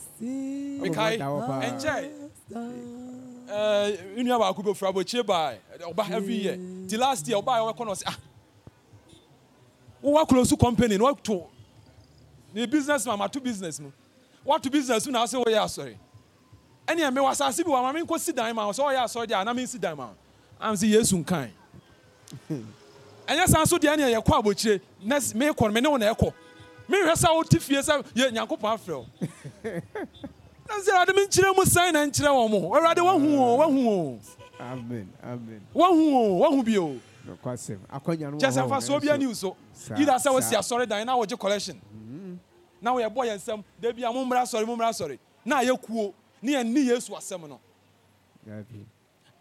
mekae ɛnkyɛ nnua baako bi ofura abɔkyire bae ɔba every year The last year ɔba a ɔbɛkɔ na ɔsɛ ah wɔwɔ akoro so company na wɔto ne business ma ma to business mu wɔato business mu na ɔsɛ wɔyɛ asɔre ɛnna ɛmɛ wɔ asase bi wɔ ama mi nkɔ si dan ma ɔsɛ ɔyɛ asɔre deɛ anam nsi dan ma am sɛ yesu nkan ɛnyɛ <laughs> san so deɛ ɛnna yɛ kɔ abɔkyire nɛs mi kɔ mi ne wɔn na ɛkɔ mehwɛ sɛ wote fie sɛ yɛ nyankopɔn afrɛ wo <laughs> sɛ awurade menkyerɛ mu sɛn na nkyerɛ wɔ mo awurade wahu o wahu o wahu o wahu bio kyɛ sɛ mfa soɔ bia new so yida sɛ wosi asɔre dan na wogye collection mm-hmm. na woyɛbɔ yɛ nsɛm da bia mommra asɔre mommra asɔre na yɛkuo ne yɛnni yesu asɛm no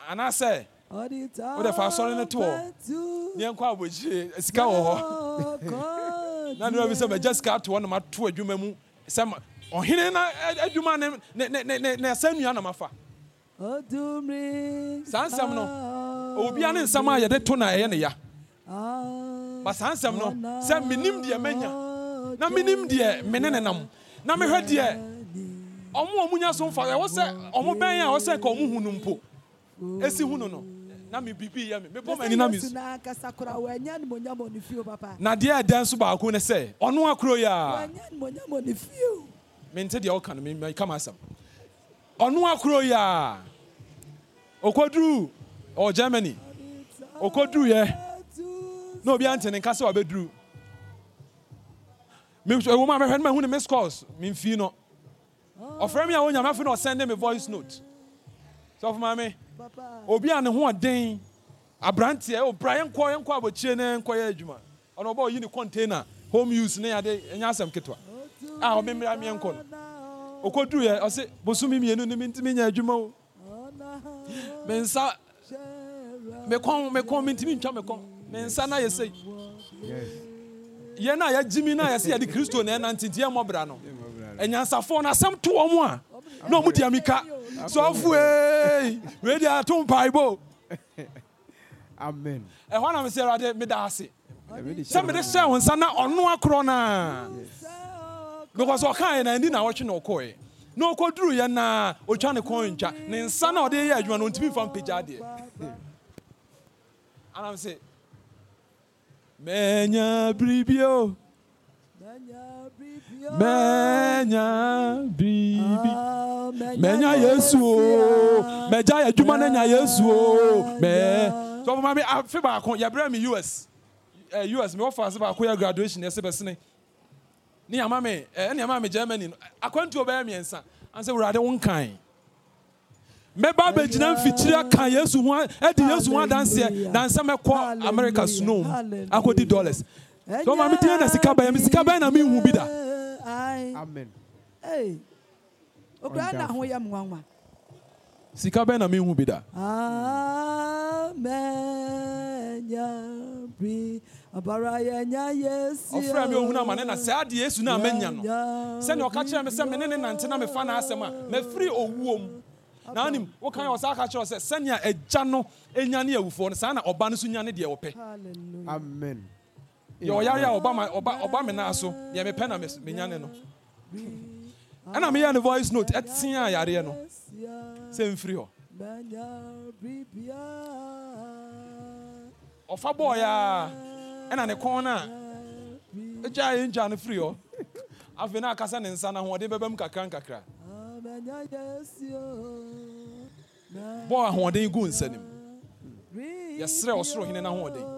anaasɛ wode fa asɔre no to hɔ neɛnkɔ abɔkyire sika wɔ hɔ na ne wabi sɛ magya sika ato hɔ na mato adwuma mu sɛ ɔhene no adwuma ne ɛsɛ nnua na mafa saa nsɛm no obia ne nsɛm a yɛde to na ɛyɛ ne ya ba saa nsɛm no sɛ menim deɛ manya na menim deɛ me ne ne nam na mehwɛ deɛ ɔmo a ɔmunya so mfa ɛwɔ sɛ ɔmo bɛn a ɔsɛ ka ɔmo hu no mpo ɛsi hu no no Nami me bibi yɛ me mebɔ m'ani na me na deɛ ɛdɛn nso baako ne sɛ ɔno akoro yɛ a mente deɛ woka no meka ma asɛm ɔno akoro yɛ a ɔwɔ germany ɔkɔduruyɛ na obiara nte ne nka wa wabɛduru ɛwɔ mu a mɛhwɛ no mahu ne miss calls memfii no ɔfrɛ me a wonyame afei na ɔsɛnde me voice note sɛ ɔfo maame obi a ne ho ɔden aberanteɛ o bra yɛn kɔ yɛn kɔ abɔkyire ne yɛn kɔ yɛ adwuma ɔno ɔbɔ oyi ne container home use ne yade ɛnyɛ asɛm ketewa a ɔmo mmira mi yɛn kɔ no okoduru yɛ ɔsi bosomi mienu ne mi ntumi nya adwuma o me nsa me kɔn me ntwa me kɔn me nsa na yɛ sɛ yɛn a yɛgye mi na yɛsi yɛde kristo na yɛnante nti yɛn mɔ bra no ɛnyansafoɔ na asɛm to wɔn a na wɔn di amika. sɔfoe wedi ato mpaebɔ amen ɛhɔ na mesɛ awurade meda ase sɛ mede hyɛ wo nsa na ɔno akorɔ noa because ɔkaeɛ na ani na wɔtwe na ɔkɔeɛ na ɔkɔduruiɛ na ɔtwa ne kɔn ntwa ne nsa na ɔde yɛ adwuma no ɔntumi mfa mpagya adeɛ anam sɛ manya biribio oh. menya biribi menya yesu o mɛgya yɛ adwuma no nya yesu o mɛɛ sɔfo maame afe baako yɛbrɛ me us ɛ eh, us mewɔ faase baako yɛ graduation ɛsɛ bɛsene ne yɛma me eh, ɛne yɛma me germany no akwantuo bɛyɛ mmiɛnsa ansɛ wurade wo nkan mɛba abɛgyina mfikyiri aka yesu ho adi yesu ho adanseɛ nansa mɛkɔ america snow mu akɔdi dollars sɔfo maame tiɛ na sika bɛyɛ me sika bɛyɛ na mehu bi da Amen. Hey. Okra na ho ya mwanwa. Sika bɛn na mi hu bi da. Amen ya bi abara ya nya Yesu. Ɔfura mi ohun ama ne na sɛ adi Yesu na mɛ nya no. Sɛni ɔka kyerɛ mi sɛ mi ne ne nante na mi fa na asɛm a mɛ firi owuo mu. N'anim wokan yɛ sa aka kyerɛ sɛ sɛni a ɛgya no enya ne awufoɔ no saa na ɔba no so nya ne deɛ ɔpɛ. Amen. yɛ ɔyare a ɔba me naa so deɛ mepɛ na menyane no ɛna meyɛ no voice note ɛtea ayareɛ no sɛ mfiri hɔ ɔfa bɔɔyɛ a ɛna ne kɔn no a ɛgyaa yɛngyaa no firi hɔ afei na akasa ne nsa no ahoɔden bɛbɛ mu kakra nkakra bɔɔ ahoɔden gu nsa nim yɛserɛ ɔsoro hene no ahoɔden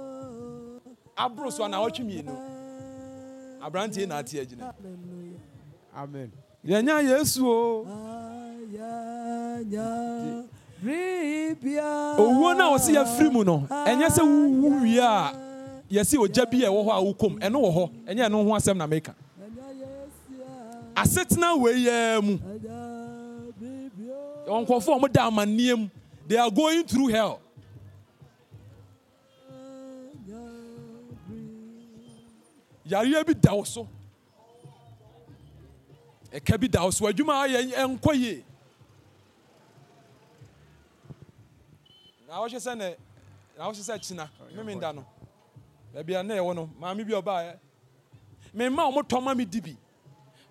aboro so anawɔtwe mmienu aberanteɛ na ate agyina amen yɛnya yesu o owuo no a wɔse yɛafiri mu no ɛnyɛ sɛ wowu wie a yɛse bi a ɛwɔ hɔ a wokom ɛno wɔ hɔ ɛnyɛ ɛno ho asɛm na meka asetena weiaa mu ɔnkɔfoɔ a ɔmoda amanneɛ mu they are going through hell yareɛ bi da wo so ɛka bi da wo so adwuma ayɛ ɛnkɔ yie na wɔhwɛ sɛ ne na wɔhwɛ sɛ kyina meme da no baabi a na ɛwɔ no maame bi ɔbaeɛ memma ɔmo tɔ ma me bi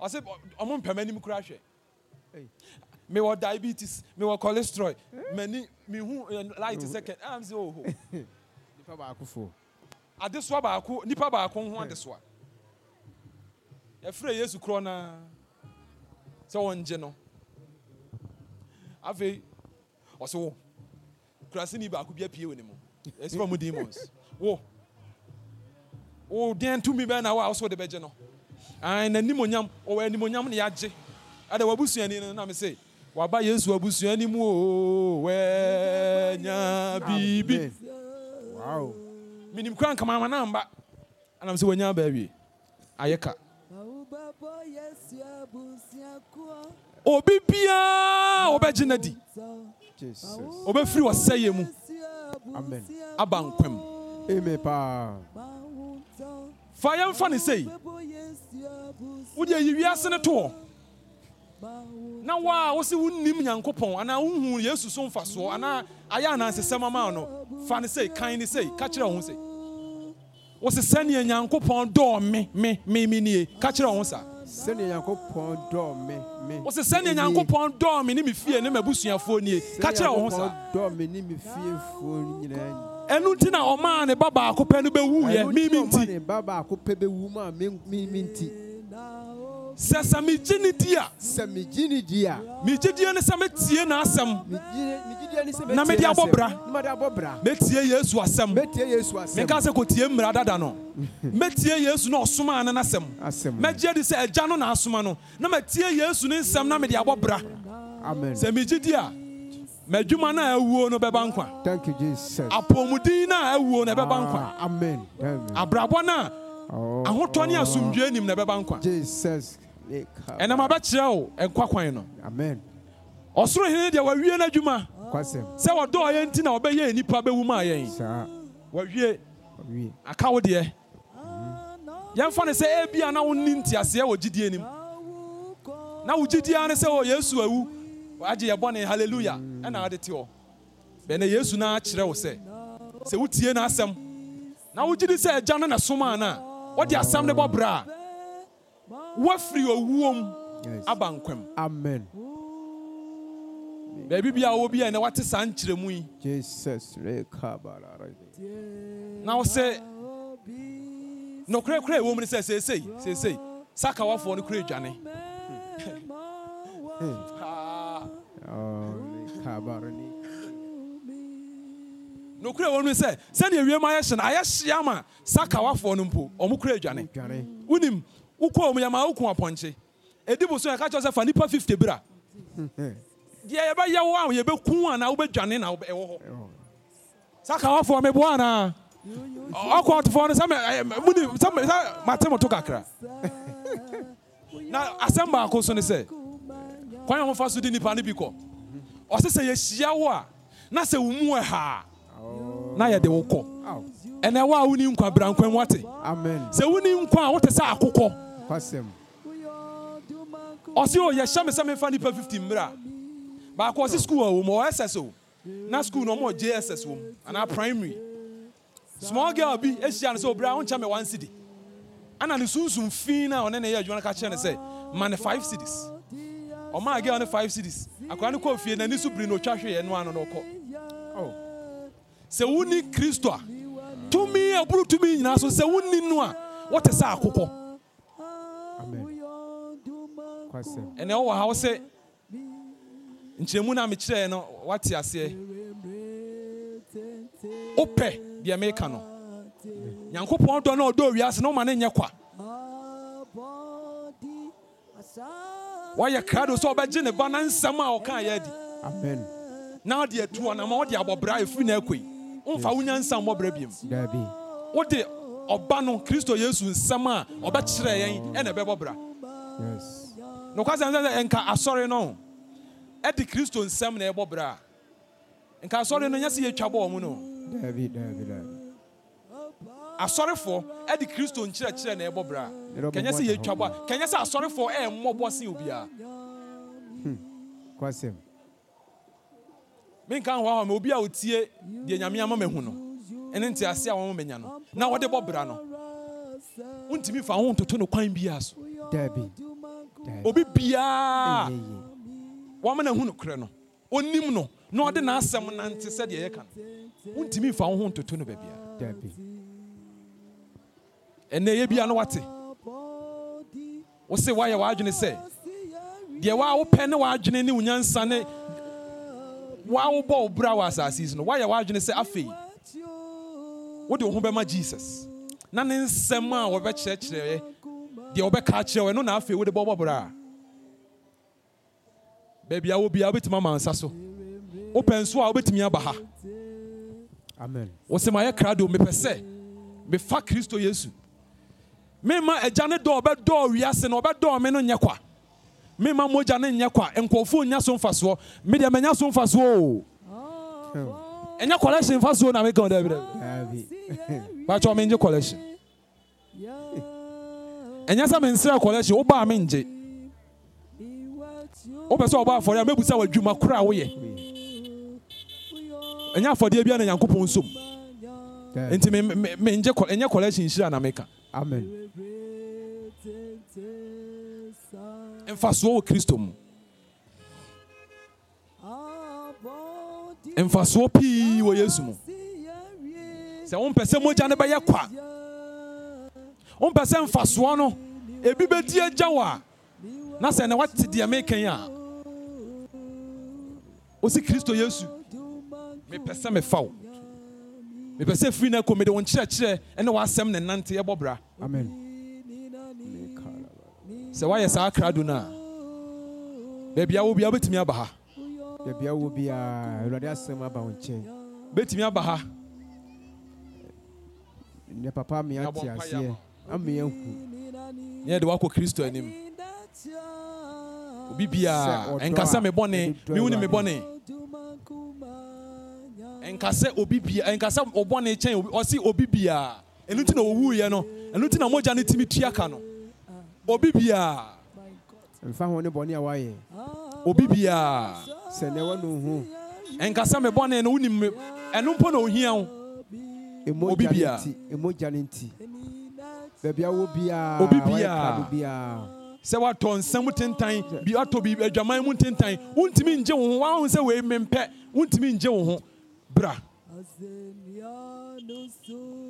ɔsɛ ɔmo mpɛm anim koraa hwɛ mewɔ diabetes mewɔ cholesterol mani mehu eh, light sɛ oho <laughs> nipa baako foɔ adesoa baako nipa baako ho hmm. adesoa yɛfrɛ yesu korɔ na sɛ wɔngye no afei ɔse wo kuraseni baako bi apue wɔ ne mu ɛsi fɔ mu demons wo wo den tumi bɛn na wo a wosow de bɛgye no ɛn na nimonyam ɔwɔ animonyam na yɛagye ɛdɛ wabusuani no nam sɛ waba yesu abusuani mu o wɛnya biribi wow minim kura nkamama na mba anam sɛ wanya aba ayɛ ka obi biara wɔbɛgye no di wɔbɛfiri wɔsɛyɛ mu aba nkwam fa yɛmfa ne sei wode ayi wiase no to hɔ na wo a wo sɛ wonnim nyankopɔn anaa wohu yesu so mfasoɔ anaa ayɛ anansesɛm ama no fa ne sei kan ne sei ka kyerɛ wo ho sei wɔsi sɛnea nyankopɔn dɔɔ me me me me nie ka kyerɛ wɔn sa. sɛnea nyankopɔn dɔɔ me me. wɔsi sɛnea nyankopɔn dɔɔ me ni mi fie ne ma busuafoɔ nie ka kyerɛ wɔn sa. dɔɔ me ni mi fiefoɔ nyinaa. ɛnu ti na ɔmaa ne ba baako pɛ no bɛ wu yɛ mi mi nti. ɛnu ti na ɔmaa ne ba baako pɛ bɛ wu mu mi mi nti sɛ sɛ megye ne di a sɛ megye ne di a megyedie ne sɛ metie n'asɛm na mede abɔ bra mɛtie yesu asɛm meka sɛ kɔtie mmara dada no <laughs> mɛtie yesu na ɔsomaa no n'asɛm mɛgye di sɛ agya no na asoma no na matie yesu ne nsɛm na mede abɔ bra sɛ megye di a madwuma no a awuo no bɛba nkwa apɔmudin no a awuo no ɛbɛba nkwa ah, abrabɔ no a oh. ahotɔ ne asomdwoe nim na ɛbɛba nkwa ɛnam abɛkyerɛ wo nkwa kwan no ɔsoro hene deɛ wawie no adwuma sɛ wɔdɔɔ yɛn nti na wɔbɛyɛ nnipa bɛwu maa yɛn wawie aka wo deɛ yɛmfa no sɛ ebia na wonni nteaseɛ wɔ gyidie nim na wo gyidie ne sɛ wɔ yesu awu agye yɛ bɔne halleluya ɛna ade te hɔ bɛnɛ yesu no akyerɛ wo sɛ sɛ wotie no asɛm na wogye sɛ agya no na somaa no a wɔde asɛm ne bɔ brɛ a wafiri owuo mu aba nkwam amen baabi bi a wɔ bi a ɛnɛ wate saa nkyerɛmu yi jesus na wɔsɛ nɔkorɛkorɛ ɛwɔ mu no sɛ seesei seesei sakawafoɔ no kora adwane hmm. oh, nokura wɔn mu sɛ sɛdeɛ wiem ayɛ hye no ayɛ hye ama sakawafoɔ no mpo ɔmo kora adwane wonim wokɔ omuyama woko apɔnkye ɛdi bo so ɛka kyerɛ sɛ fa nipa 50 bra <laughs> eh, <laughs> deɛ yɛbɛyɛ wo a yɛbɛku anaa wobɛdwane na ɛwɔ hɔ saka wafoɔ meboa anaa ɔkɔ ɔtofoɔ no sɛ mate moto kakra na asɛm baako so ne sɛ kwan a mofa so de nipa no bi kɔ ɔse sɛ yɛhyia wo a na sɛ wo mu ɛhaa na yɛde wo kɔ ɛnɛ wo a woni nkwa brankwan wate sɛ woni nkwa a wote sɛ akokɔ ɔse o yɛhyɛ me sɛ memfa nnipa 50 mmerɛ a baako ɔse school a wom ɔwɔ ss o na school no ɔma jss wom anaa primary small girl bi ahyia no sɛ obira wonkyɛ me one city ana ne sunsum fii no a ɔne ne yɛ adwuma no ka kyerɛ ne sɛ ma ne five cities ɔmaa girl ne five cities akwadaa no kɔɔ fie n'ani so biri na otwa hwee ɛno ano na ɔkɔ sɛ woni kristo a tumi a ɛboro tumi nyinaa so sɛ wonni no a wɔte sɛ akokɔ ɛnɛ wɔwɔ ha wo sɛ nkyerɛmu no a mekyerɛɛ no wate aseɛ wopɛ deɛ meka no nyankopɔn dɔ na ɔdɔ wiase na woma ne nyɛ kwa kra krado sɛ ɔbɛgye ne ba na nsɛm a ɔkaa yɛ adi na ɔde atu ɔnama ɔde abɔbra ɛfiri na akɔi womfa wo nyansa mmɔbrɛ biom wode ɔba no kristo yesu nsɛm a ɔbɛkyerɛ yɛn ɛna ɛbɛbɔ bra nokwasɛm sɛ sɛ ɛnka asɔre no ɛde kristo nsɛm na ɛbɔ bra a nka asɔre no nyɛ sɛ yɛtwa bɔɔ mu no asɔrefoɔ ɛde kristo nkyerɛkyerɛ na ɛbɔ bra kɛnyɛ sɛ yɛtwa bɔ a kɛnyɛ sɛ asɔrefoɔ ɛmmɔbɔ sen obiara hmm. menka ho ma obi a otie deɛ nyame ama mahu no ɛne nte ase a no na wɔde bɔ bra no ntumi fa ho ntoto no kwan biaa so obi biara no no na ɔde n'asɛm nante sɛdeɛ no fa ho ntoto no eya biara no wate sɛ deɛ ne ne wɔawobɔ wo bra wɔ asase yi so no woayɛ w'adwene sɛ afei wode wo ho bɛma jesus na ne nsɛm a wɔbɛkyerɛkyerɛɛ deɛ wɔbɛka akyerɛ wɔ ɛno na afei wode bɔbɔ bra a baabia wɔ biaa wobɛtumi ama nsa so wopɛ nso a wobɛtumi aba ha amen wɔ sɛ mayɛ krado mepɛ sɛ mefa kristo yesu mema agya ne dɔ ɔbɛdɔɔ wiase no ɔbɛdɔɔ me no nyɛ kwa mema mogya no nyɛ kwa nkurɔfoɔ nnya so mfasoɔ medeɛ manya so mfasoɔ o ɛnyɛ collection mfasoɔ na meka da birɛ <laughs> bakyɛ mengye collection ɛnyɛ sɛ mensrɛ collection wobaa mengye wopɛ sɛ wɔbɔ afɔre a mɛbu sɛ wadwuma kora woyɛ ɛnyɛ afɔdeɛ bia na nyankopɔn nsom nti mengye ɛnyɛ collection nhyira na meka amen mfasoɔ wɔ kristo mu mfasoɔ pii wɔ yesu mu sɛ wompɛ sɛ mogya no bɛyɛ kwa wompɛ sɛ mfasoɔ no ebi bɛdi agya wɔ na sɛ na wate deɛ mekan a wosi kristo yesu mepɛ sɛ mefa wo mepɛ sɛ firi no akɔ mede wo nkyerɛkyerɛ ne w'asɛm ne nante ɛbɔ bra amen sɛ woayɛ saa krado no a baabia wo biara wobɛtumi aba ha baabia wo biara awurade asɛm aba wo nkyɛn bɛtumi aba ha ne papa mmea te aseɛ ammea hu ne yɛde woakɔ kristo anim obi biara ɛnkasa me bɔne mewu ne me bɔne ɛnkasɛ obi biara ɛnkasɛ ɔbɔne kyɛn ɔse obi biara ɛno nti na ɔwuiɛ no ɛno nti na mogya no tumi tua no obi biara mfa ho ne bɔne a wayɛ obi biara sɛ nɛ wɔ no hu ɛnkasa me bɔne no wonim me ɛno mpo na ohia wo obi biara ɛmogya no nti baabi a wɔ biara obi biara sɛ woatɔ nsɛm tentan bi atɔ bi adwaman mu tentan wontumi ngye wo ho woahu sɛ wei mempɛ wontumi ngye wo ho bra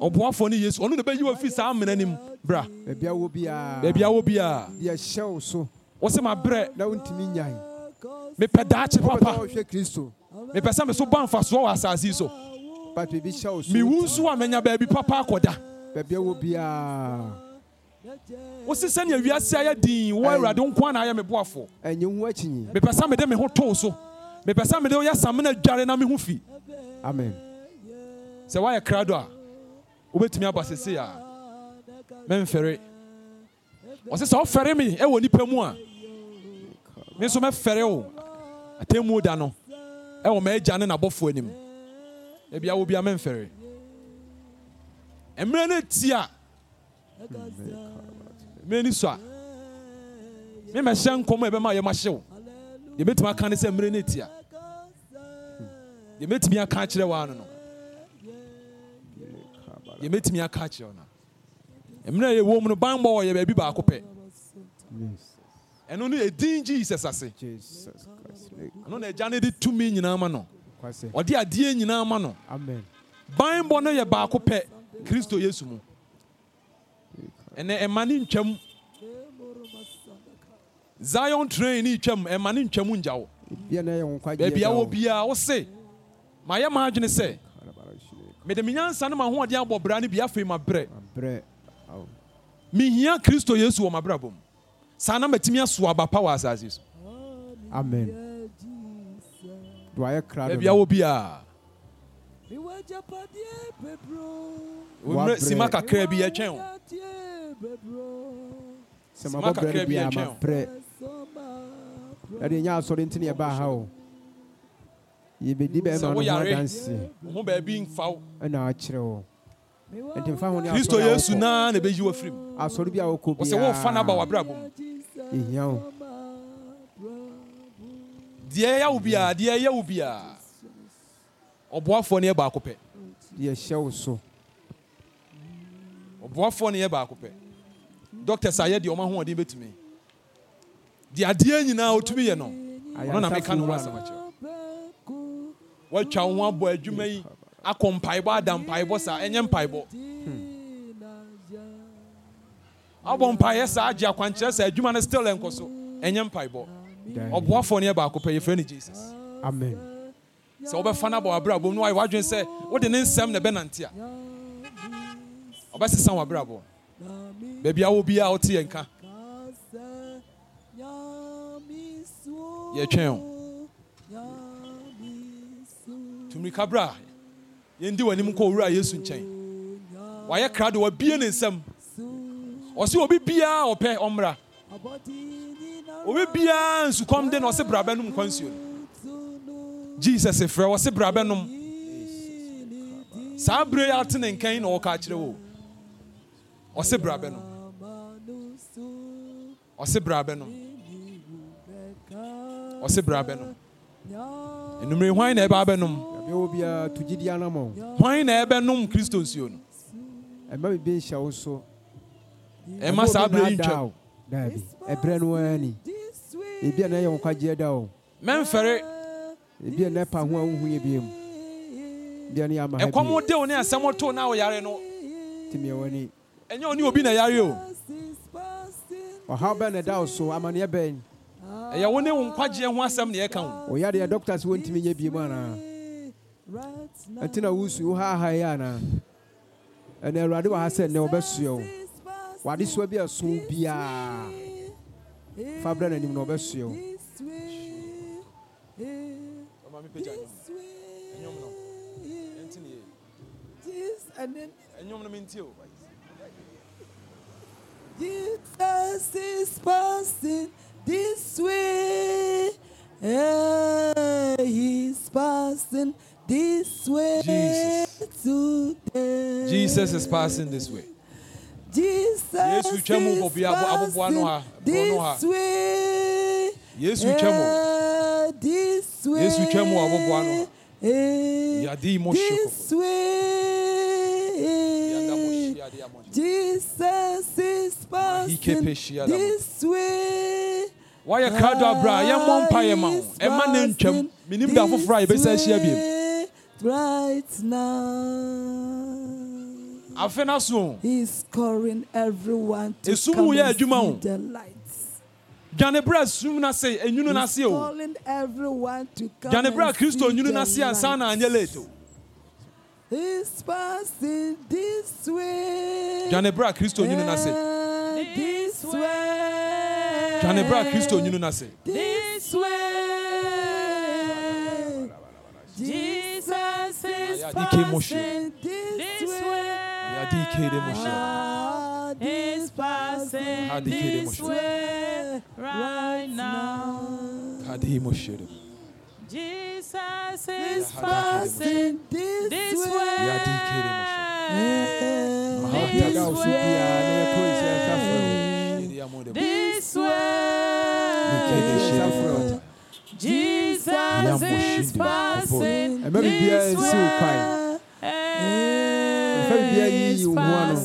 ɔboafoɔ ne yesu ɔno ne bɛyi wɔ firi saa mmerɛ nim bra baabi awɔ biara baabi awɔ biara deɛ hyɛ mepɛ daakye papa wɔhwɛ kristo mepɛ sɛ me so ba mfasoɔ wɔ asase so but biribi hyɛ wo so mewu nso a manya baabi papa akɔda baabi awɔ biara wosi sɛnea wiase ayɛ din wɔ awurade nko a na ayɛ me boafoɔ ɛnyɛ ho akyinyi mepɛ sɛ mede me ho too so mepɛ sɛ mede woyɛ samena dware na me ho fi amen sɛ woayɛ krado a wobɛtumi aba sesei a memfɛre ɔsɛ sɛ wofɛre me ɛwɔ nnipa mu a me nso mɛfɛre wo atemmuo da no ɛwɔ m'agya ne n'abɔfoɔ anim ebia wo bia memfɛre mmerɛ no ti a mmerɛ ni so a memɛhyɛ nkɔm a ɛbɛma yɛmahye wo deɛ mɛtumi aka ne sɛ mmerɛ no ti a deɛ mɛtumi aka akyerɛ wa ano no yɛmɛtumi aka akyerɛ no mmerɛ yɛwɔ mu no banbɔ wɔ yɛ baabi baako pɛ ɛno no yɛdin jesus ase ɛno na agya no de tumi nyinaa ma no ɔde adeɛ nyinaa ma no banbɔ no yɛ baako pɛ kristo yesu mu ɛnɛ ɛma ne ntwam zion train ne twam ɛma ne ntwam ngya wo baabi awɔ biara wo se mayɛ ma adwene sɛ mede me nyansa ne mahoɔden abɔ bra no bi afei mabrɛ mehia kristo yesu wɔ mabrabɔ mu saa na matumi aso aba pa wɔ asase so amen baabi awɔ bi a sima kakra bi yɛtwɛn o sima kakra bi yɛtwɛn o ɛde ɛnyɛ asɔre nti ne yɛbaa ha o sɛ woyare ho baabi mfa wo kristo yesu naa na wa wafiri mu wɔ sɛ womfa no aba w'abrabɔ mu deɛ ɛyɛ wo biara deɛ ɛyɛ wo biara ɔboafoɔ no yɛ baako pɛ deɛ ɛhyɛ wo so ɔboafoɔ no yɛ baako pɛ dɔkta sa yɛ deɛ ɔma hoɔden bɛtumi deɛ adeɛ nyinaa ɔtumi yɛ no ɔno na meka no ho asɛm akyerɛ watwa wo ho abɔ adwuma yi akɔ mpaebɔ ada mpaebɔ saa ɛnyɛ mpaebɔ abɔ mpaeɛ saa agye akwankyerɛ saa adwuma no still ɛnkɔ so ɛnyɛ mpaebɔ ɔboafoɔ no yɛ baako pɛ yɛfrɛ no jesus amen sɛ wobɛfa no abɔ wabrabɔ mu no wayɛ wadwen sɛ wode ne nsɛm na ɛbɛnante a ɔbɛsesa wabrabɔ baabi a wɔ biara wote yɛ nka yɛtwɛn o tumirika bra yɛndi w'anim nkɔ owura yesu nkyɛn wayɛ kra de wabie ne nsɛm ɔse obi biara ɔpɛ ɔmmra obi biara nsukɔm de na ɔse bra bɛnom nkwansuo no jesus frɛ ɔse bra bɛnom saa bere yɛ ate ne nkɛn na ɔka akyerɛ wo ɔse bra bɛnom ɔse bra bɛnom ɔse bra bɛnom enumere hwan na ɛba abɛnom wo biara to gyidi anam o. hwan na ɛbɛnom kristo nsuo no. ɛma bibi nhyɛ wo so. ɛma saa abirɛ yi ntwam. daabi ɛbrɛ no ara ni ebi a na ɛyɛ nkwagyeɛ da o. mɛmfɛre. ebi a na ɛpa ho ahuhu yɛ biem. ebi a na yɛ ama ha biem. ɛkɔm de wo ne asɛm ɔtoo na ɔyare no. tìmí ɛwɔ ni. ɛnyɛ oni obi na yare o. ɔhaw bɛn o so amaneɛ bɛn. ɛyɛ wo ne wo nkwagyeɛ ho asɛm na yɛka ho. o ɛnti na wusu wo ha yi ana ɛnna awurade wɔ ha sɛ nnɛ wɔbɛsua wo wade sua bi ɛso biara fa brɛ n'anim na wɔbɛsua wo Jesus is passing this way. Hey, he's passing this way Jesus. Jesus is passing this way. Jesus is passing this way. This way. Yesu chamo aboboa no. Yadi mo This way. Jesus is ah, passing this way. Why a card abra? Ya mo mpa ye ma. E ma na ntwam. Minim da fofora ye besa hia right now. afei n'aso. calling everyone to come and see the lights. Gyanebra sum na se enyunu na se o. calling everyone to come Gyanebra Kristo enyunu na se ansa na He's passing this way. Gyanebra Kristo enyunu na se. This way. Gyanebra Kristo enyunu na se. This way. This way. Jesus is passing this way. God is passing this way right now. Jesus is passing this way. This way. This way. Jesus ça s'est passé. Même bien ici au Kai. Même bien ici au Moano.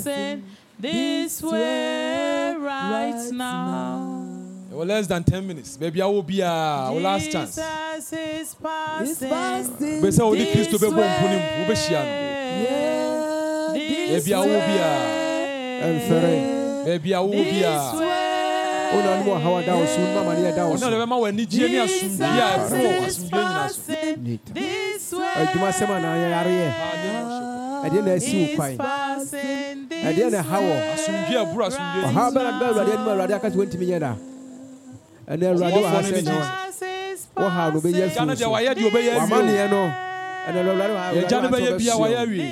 This way right now. Well, less than 10 minutes. Maybe I will be a uh, last chance. Jesus is passing. Besa odi Kristo be bo mpuni mpu be shia no. Maybe I will be a. Uh, ona ni mu ɔhaw ada wo so na amane yɛda wo so na ɛbɛma w'anigyeɛ ne asomdwie a ɛfo asomdwie nyina so adwumasɛm anaa yɛyareɛ ɛdeɛ na asi wo kwan na ɛha wɔ asomdwie aboro asomdwie ɔhaw bɛna bɛ awurade anim awurade aka sɛ wontimi nyɛ da ɛnɛ awurade wɔ ha sɛ na wɔhaw no bɛyɛ afi so wamaneɛ no ɛnɛ awurade wɔ ha yɛgya no bɛyɛ bia wɔyɛ awie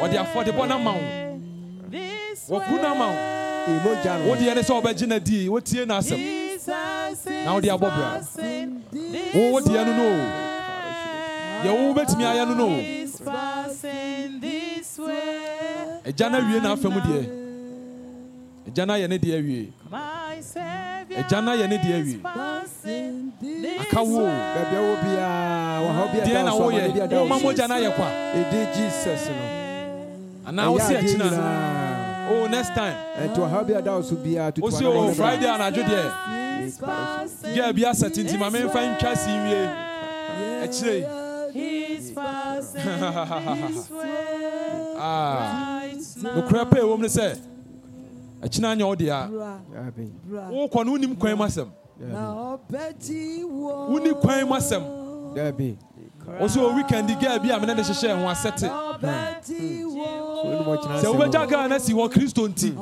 wɔde afɔdebɔ no ma wo wɔku wodeɛ ne sɛ wobɛgye no dii wotie no asɛm na wode abɔ bra wo wodeɛ no no o yɛwo wobɛtumi ayɛ no no o agya no awie no mu deɛ agya no ayɛ ne deɛ awie agya no ayɛ ne deɛ awie aka wo deɛ na woyɛ woma mogya no ayɛ kwa anaa wo se akyina no Oh, next time. And eh, to help your house will be uh, to Oh, oh Friday and I do there. Yeah, be a certain My main friend Cassie. Actually, he's fast. Ah, no crap. Woman said, A eh, china, your dear. Oh, Conunim Quamasem. Wouldn't Quamasem. There be ɔsɛ o weekend girl bi a mene ne hyehyɛ ho asɛte sɛ wobɛgya ghana na si hɔ kristo nti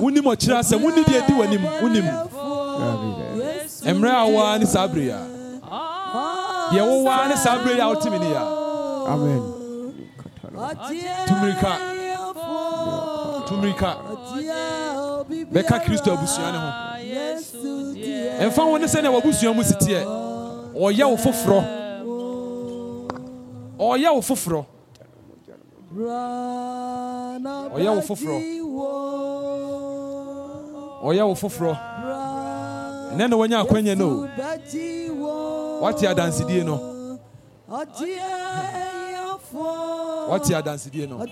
wonim ɔkyerɛ asɛm wonni deɛ di w'anim wonim mmerɛ a woa ne saa bere a deɛ wowaa ne saa bere a wotemi ne yɛ tumirika tumirika bɛka kristo abusua ne ho ɛmfa ho ne sɛnea wabusua mu siteɛ ɔyɛ wo foforɔ ɔyɛ wo foforɔ ɔyɛ wo foforɔ ɔyɛ wo foforɔ ɛnɛ na wanya akwanya no wate adansedie no wate adansedie no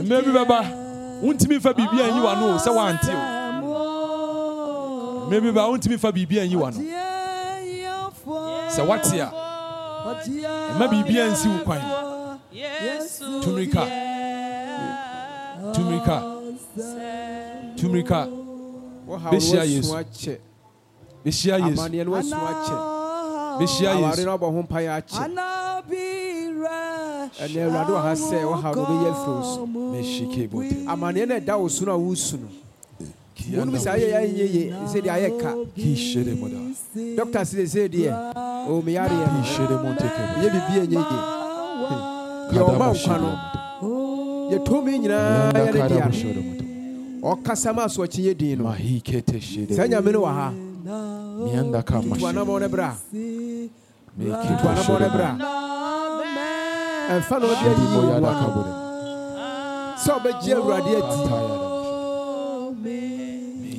mmerɛ bi bɛba wontumi mfa biribi anyi wa no sɛ woante o Maybe ba untimi fa bibi anyi wa no. Sɛ wate a. Ma bibi ansi wo kwan. Tumrika. Tumrika. Tumrika. Bɛhyia Yesu. Bɛhyia Yesu. Amanneɛ no wasu akyɛ. Bɛhyia Yesu. Aware no abɔ ho mpaeɛ akyɛ. ɛnɛ awurade wɔ ha sɛ wɔha no wobɛyɛ afiri wo so amanneɛ no ɛda wo so no a wosu no wonum sɛ woyɛ yɛre nyɛ ye sɛdeɛ ayɛ ka dɔkta sɛ sɛ deɛ ɔwɔ me yareɛ yɛ biribi ɛnyɛ ye yɛɔma nkwa no yɛtumi nyinaa yɛne dea ɔkasa ma asoɔkye yɛ din no saa nyame no wɔ ha tuanamɔ no berɛ a tuanamɔ no berɛ a ɛmfa na ɔde ayiyi wɔ sɛ ɔbɛgye awurade adi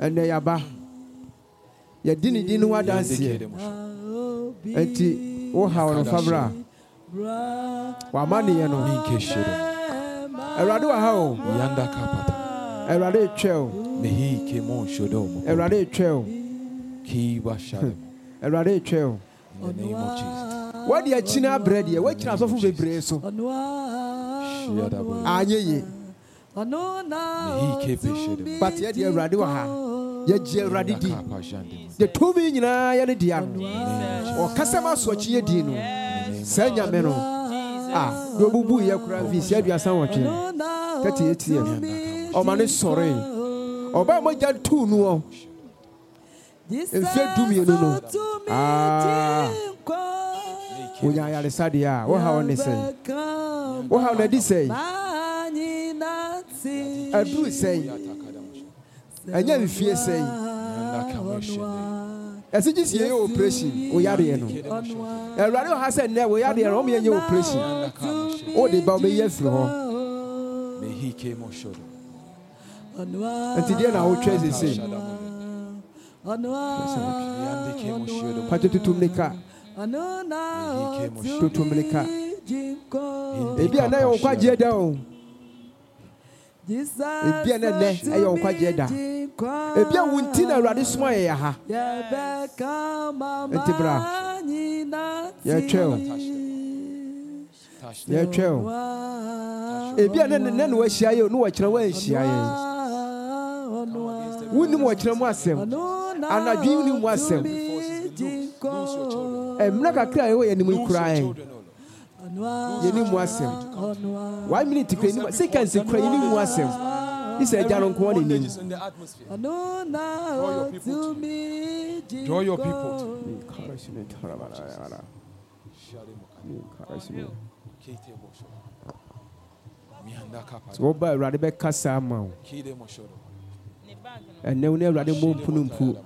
ɛnɛ yaba yɛdi ne din wa wadanseɛ enti wo haw no fabra wama neyɛ no awurade waha o awurade etwɛ o awurade etwɛ o awurade etwɛ o wɔde akyina abrɛ deɛ woakyina asɔfo bebree so anyɛ ye but yɛde awurade wɔ ha yɛgye awurade din deɛ tumi nyinaa yɛne dea no ɔkasɛm asoɔkye yɛ din no saa nyame ah, e no a deɛ ɔbubu yɛ koraa mfii sɛ aduasa wɔtwe tɛte yɛtiɛ ɔma ne sɔree ɔbaa mogya too no wɔ mfɛ dumienu no wonya ayaresadeɛ a wohaw ne sɛe wohaw no adi sɛe aduru e sɛe ɛnyɛ mfie sɛe ɛsɛ gye sie yɛ operation woyareɛ no awurade ɔha sɛ nnɛ woyareɛ no ɔmyɛnyɛ operation wode ba wobɛyi afiri hɔ nti deɛ na wotwɛ se se patɛ tutum ne ka tutum ne ka ebi a na yɛ wo kwagyeɛ da o ebi a nɛ nɛ ɛyɛ ɔkwagyeɛ da ebi a wɔn ti na awurade soma yɛ ha nti bra yɛtwɛ o yɛtwɛ o ebi a nɛ nɛ na wɔahyia yɛ o na wɔkyerɛ wɔanhyia yɛ wonim wɔkyerɛ mu asɛm anadwo yi mu asɛm mmerɛ kakra a ɛwɔ yɛ anim koraa yɛ yɛni mu asɛm one minute kura yɛni mu seconds kura yɛni mu asɛm isɛ gya no nkoa ne nim draw your people sɛ wɔba awurade bɛka saa ma wo ɛnɛ wo ne awurade mmɔ mpunumpu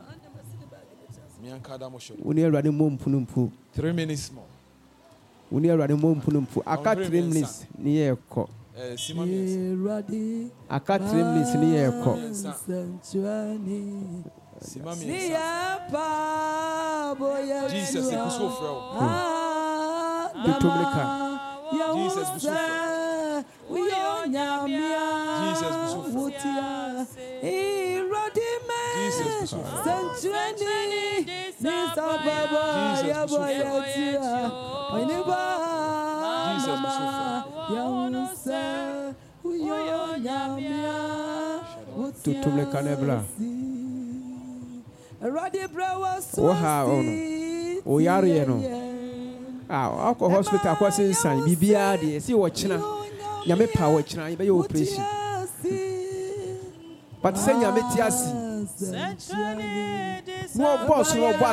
wo ne awurade mmɔ mpunumpu wone awurade mmɔ mpuno mpo aka tre mlis ne yɛɛkɔ aka tre mlis Jesus, é hmm. Jesus, Jesus, Sanctuary, Hospital, what's inside? Bibia, dear, see what China. Yame power China, you may operation. But say na ɔbɔ ɔsoro ɔbɔ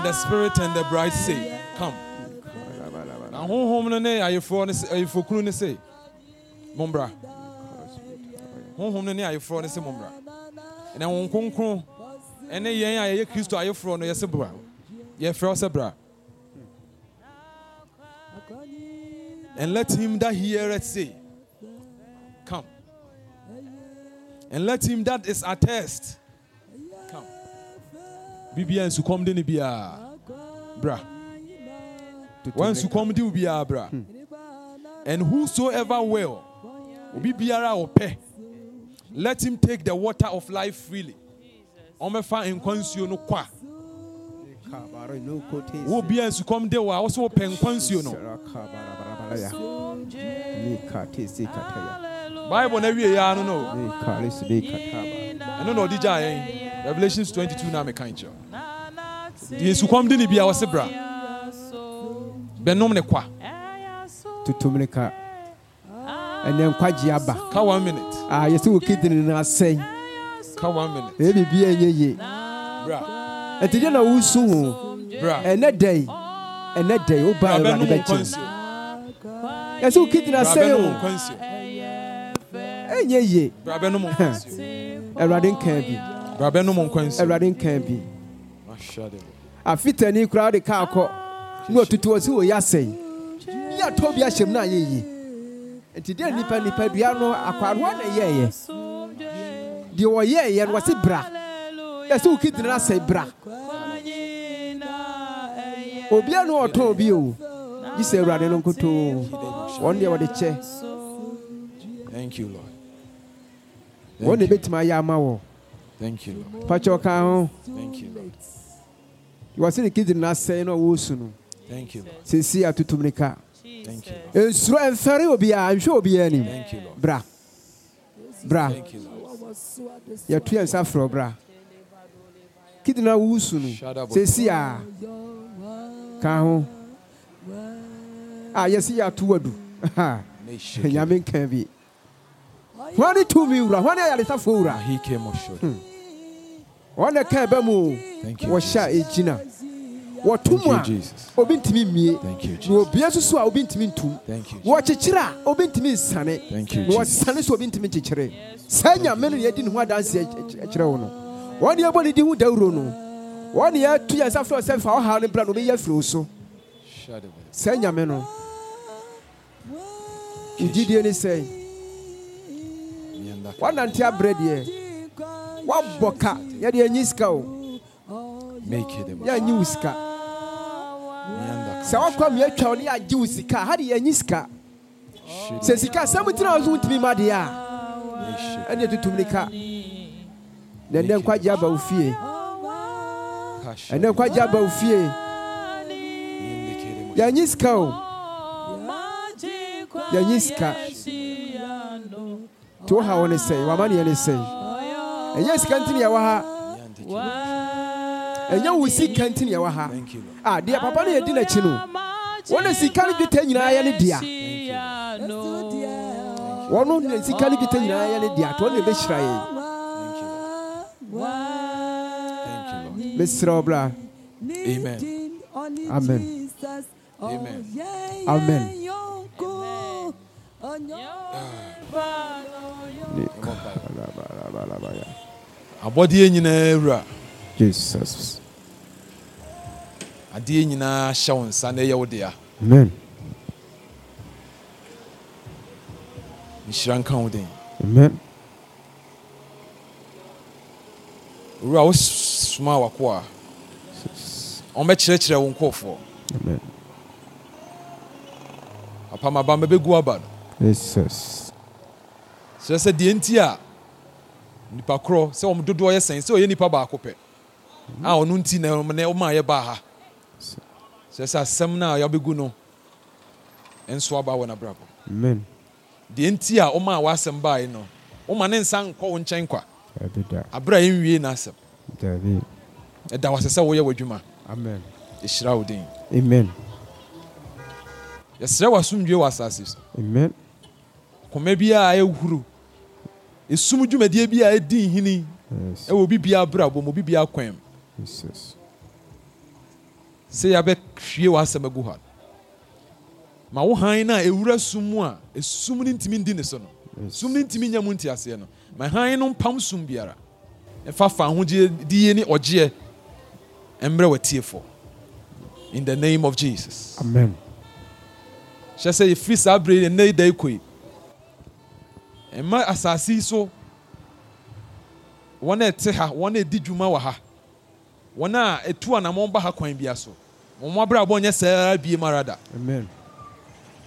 the spirit and the bride say, Come mommra honhom no ne ayeforɔ no sɛ mommra ɛna wo nkronkron ɛne yɛn a yɛyɛ kristo ayeforɔ no yɛsɛ bra yɛfrɛ wo sɛ bra and let him that heareth say come and let him that is attest, come bibia nsukɔm de ne biaa bra wa nsukɔm de wo biaa bra hmm. and whosoever will let him take the water of life freely. Omefa nkwa no kwa. Wo bia nsukɔm de wɔ a wɔsɛ wɔpɛ no. Bible na wie ya no no. Ɛno na ɔde gya yɛn. Revelations 22 na meka nkyerɛ. Deɛ nsukɔm de ne bia wɔse bra. Bɛnom ne kwa. Tutum ka. ɛnɛ nkwagye aba ka one minute ah yɛsɛ wɔ kidney no asɛn ka one minute ɛyɛ biribi ɛnyɛ yie bra ɛti deɛ na wosu ho bra ɛnɛ dɛn ɛnɛ dɛn wo ba awurade bɛkyɛ yɛsɛ wɔ kidney asɛn o ɛnyɛ yie bra bɛ nom <laughs> awurade nkan bi bra bɛ nom nkwansi awurade nkan bi afitani koraa de kaa kɔ na ɔtutu ɔsi wɔ yɛ asɛn yɛ atɔ bi ahyɛm na ayɛ yie nti deɛ nipa nipa dua no akwaroa na yɛɛyɛ deɛ wɔyɛɛyɛ no wɔsi bra yɛsɛ woki gyina asɛ bra obia no ɔtɔ obi o yi sɛ awurade no nkotoo wɔn deɛ wɔde kyɛ wɔn na ebɛtumi ayɛ ama wɔ pakyɛ ɔka ho wɔsi ne ki asɛ no a wɔresu no sɛsi atutum ne ka. we'll be obiaa Thank you, Lord. bra bra yɛto yɛ nsa frɛ bra kidina wusu no sɛsi a ka ho a ah, yɛsi yɛato wadu nyame nka bi hwane tumi wura hwane ayaresafoɔ wura ɔne ah, hmm. ka ɛbɛ mu wɔhyɛ a ɛgyina wɔtum a obi ntumi mmie na obia nso so a obi ntumi ntum na wɔkyekyere a obi ntumi nsane na wɔsane so obi ntumi kyekyere saa nyame no yɛdi ne ho adanse kyerɛ wo no wɔne yɛbɔ ne di ho dawuro no wɔne yɛatu yɛn nsa frɛ sɛ fa ɔhaw no bra na obɛyɛ afiri wo so saa nyame no gyidie ne sɛ wɔnante abrɛ deɛ wɔabɔ ka yɛde anyi sika o yanyi wo sika sɛ woakɔ miatwa wo ne yɛagye wo sika hade yɛanyi sika sɛ sika sɛm tena wo so wontumi ma deɛ a ɛne tutum ne ka na ɛnɛ nkwagye aba wo fie ɛnɛ nkwagye aba wo fie yanyi sika o yanyi sika nti woha wo ne sɛe wama neɛ ne sɛe ɛnyɛ sika nti ne yɛwɔ ha ɛnyɛ wo sika nti ne yɛwɔ ha a deɛ papa no yɛdi n'akyi no wɔne sika no dwetɛ nyinaa yɛ ne dea wɔno ne sika no dwetɛ nyinaa yɛ ne dea tɔ ne bɛhyira yɛn mesrɛ wo amen amen amen amen abɔdeɛ nyinaa wura Jesus. Adeɛ nyinaa hyɛ wo nsa na ɛyɛ wo dea. Amen. Nhyira nka wo den. Amen. Owura wo soma wako a ɔmmɛkyerɛkyerɛ wo nkɔɔfoɔ. Amen. Apamabamba bɛgu aba no. Jesus. Kyerɛ sɛ deɛ nti a nipa korɔ sɛ wɔn dodoɔ yɛ sɛn sɛ ɔyɛ nipa baako pɛ. a ah, ɔno nti na ɔma yɛbaa ha sɛ sɛ asɛm no a yɛbɛgu no nso aba wɔ nabrabɔ deɛ nti a ɔma a wɔasɛm baeɛ no woma ne nsa nkɔ wo nkyɛn kwa aberɛ a yɛnwie no asɛm ɛda wasɛ sɛ woyɛ w'adwuma ɛhyira wo den yɛsrɛ wasomdwe wɔ asase so kɔma biaa ɛhuru ɛsum e dwumadie bi a ɛdi hini ɛwɔ e bibiaa brabɔ mu bibiaa kwan mu sɛ yɛabɛhwie w'asɛm agu hɔ ma wo han no a ɛwura sum mu a ɛsum no ntumi ndi ne so no sum no ntumi nya mu ntiaseɛ no ma han no mpam sum biara ɛfa fa ahogyeɛ ne ɔgyeɛ mmerɛ watiefoɔ in the name of jesus amen hyɛ sɛ yɛfiri saa berɛ yi ɛnɛ da kɔi ɛma asase yi so wɔn a ɛte ha wɔn a ɛdi dwuma wɔ ha wɔn a etu anamɔ ba ha kwan bia so wɔn mo abrabɔ nyɛ saa bie mu arada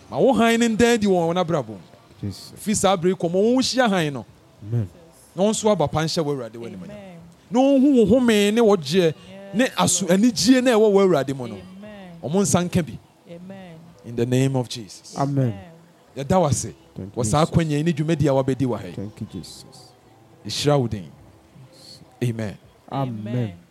ma wo han ne ndan di wɔn wɔn abrabɔ mu fi saa abiri kɔn mo wɔn hyia han no na wɔn nso aba pa nhyɛ awurade wɔ ne mu na wɔn hu wɔn home ne wɔgyeɛ ne aso anigyeɛ na ɛwɔ wɔ awurade mu no wɔn nsa nka bi in the name of jesus amen yɛda wɔ ase wɔ saa akɔnyɛ yi ne dwumadi a wabɛdi wɔ ha yi ehyira wo den amen. amen. amen.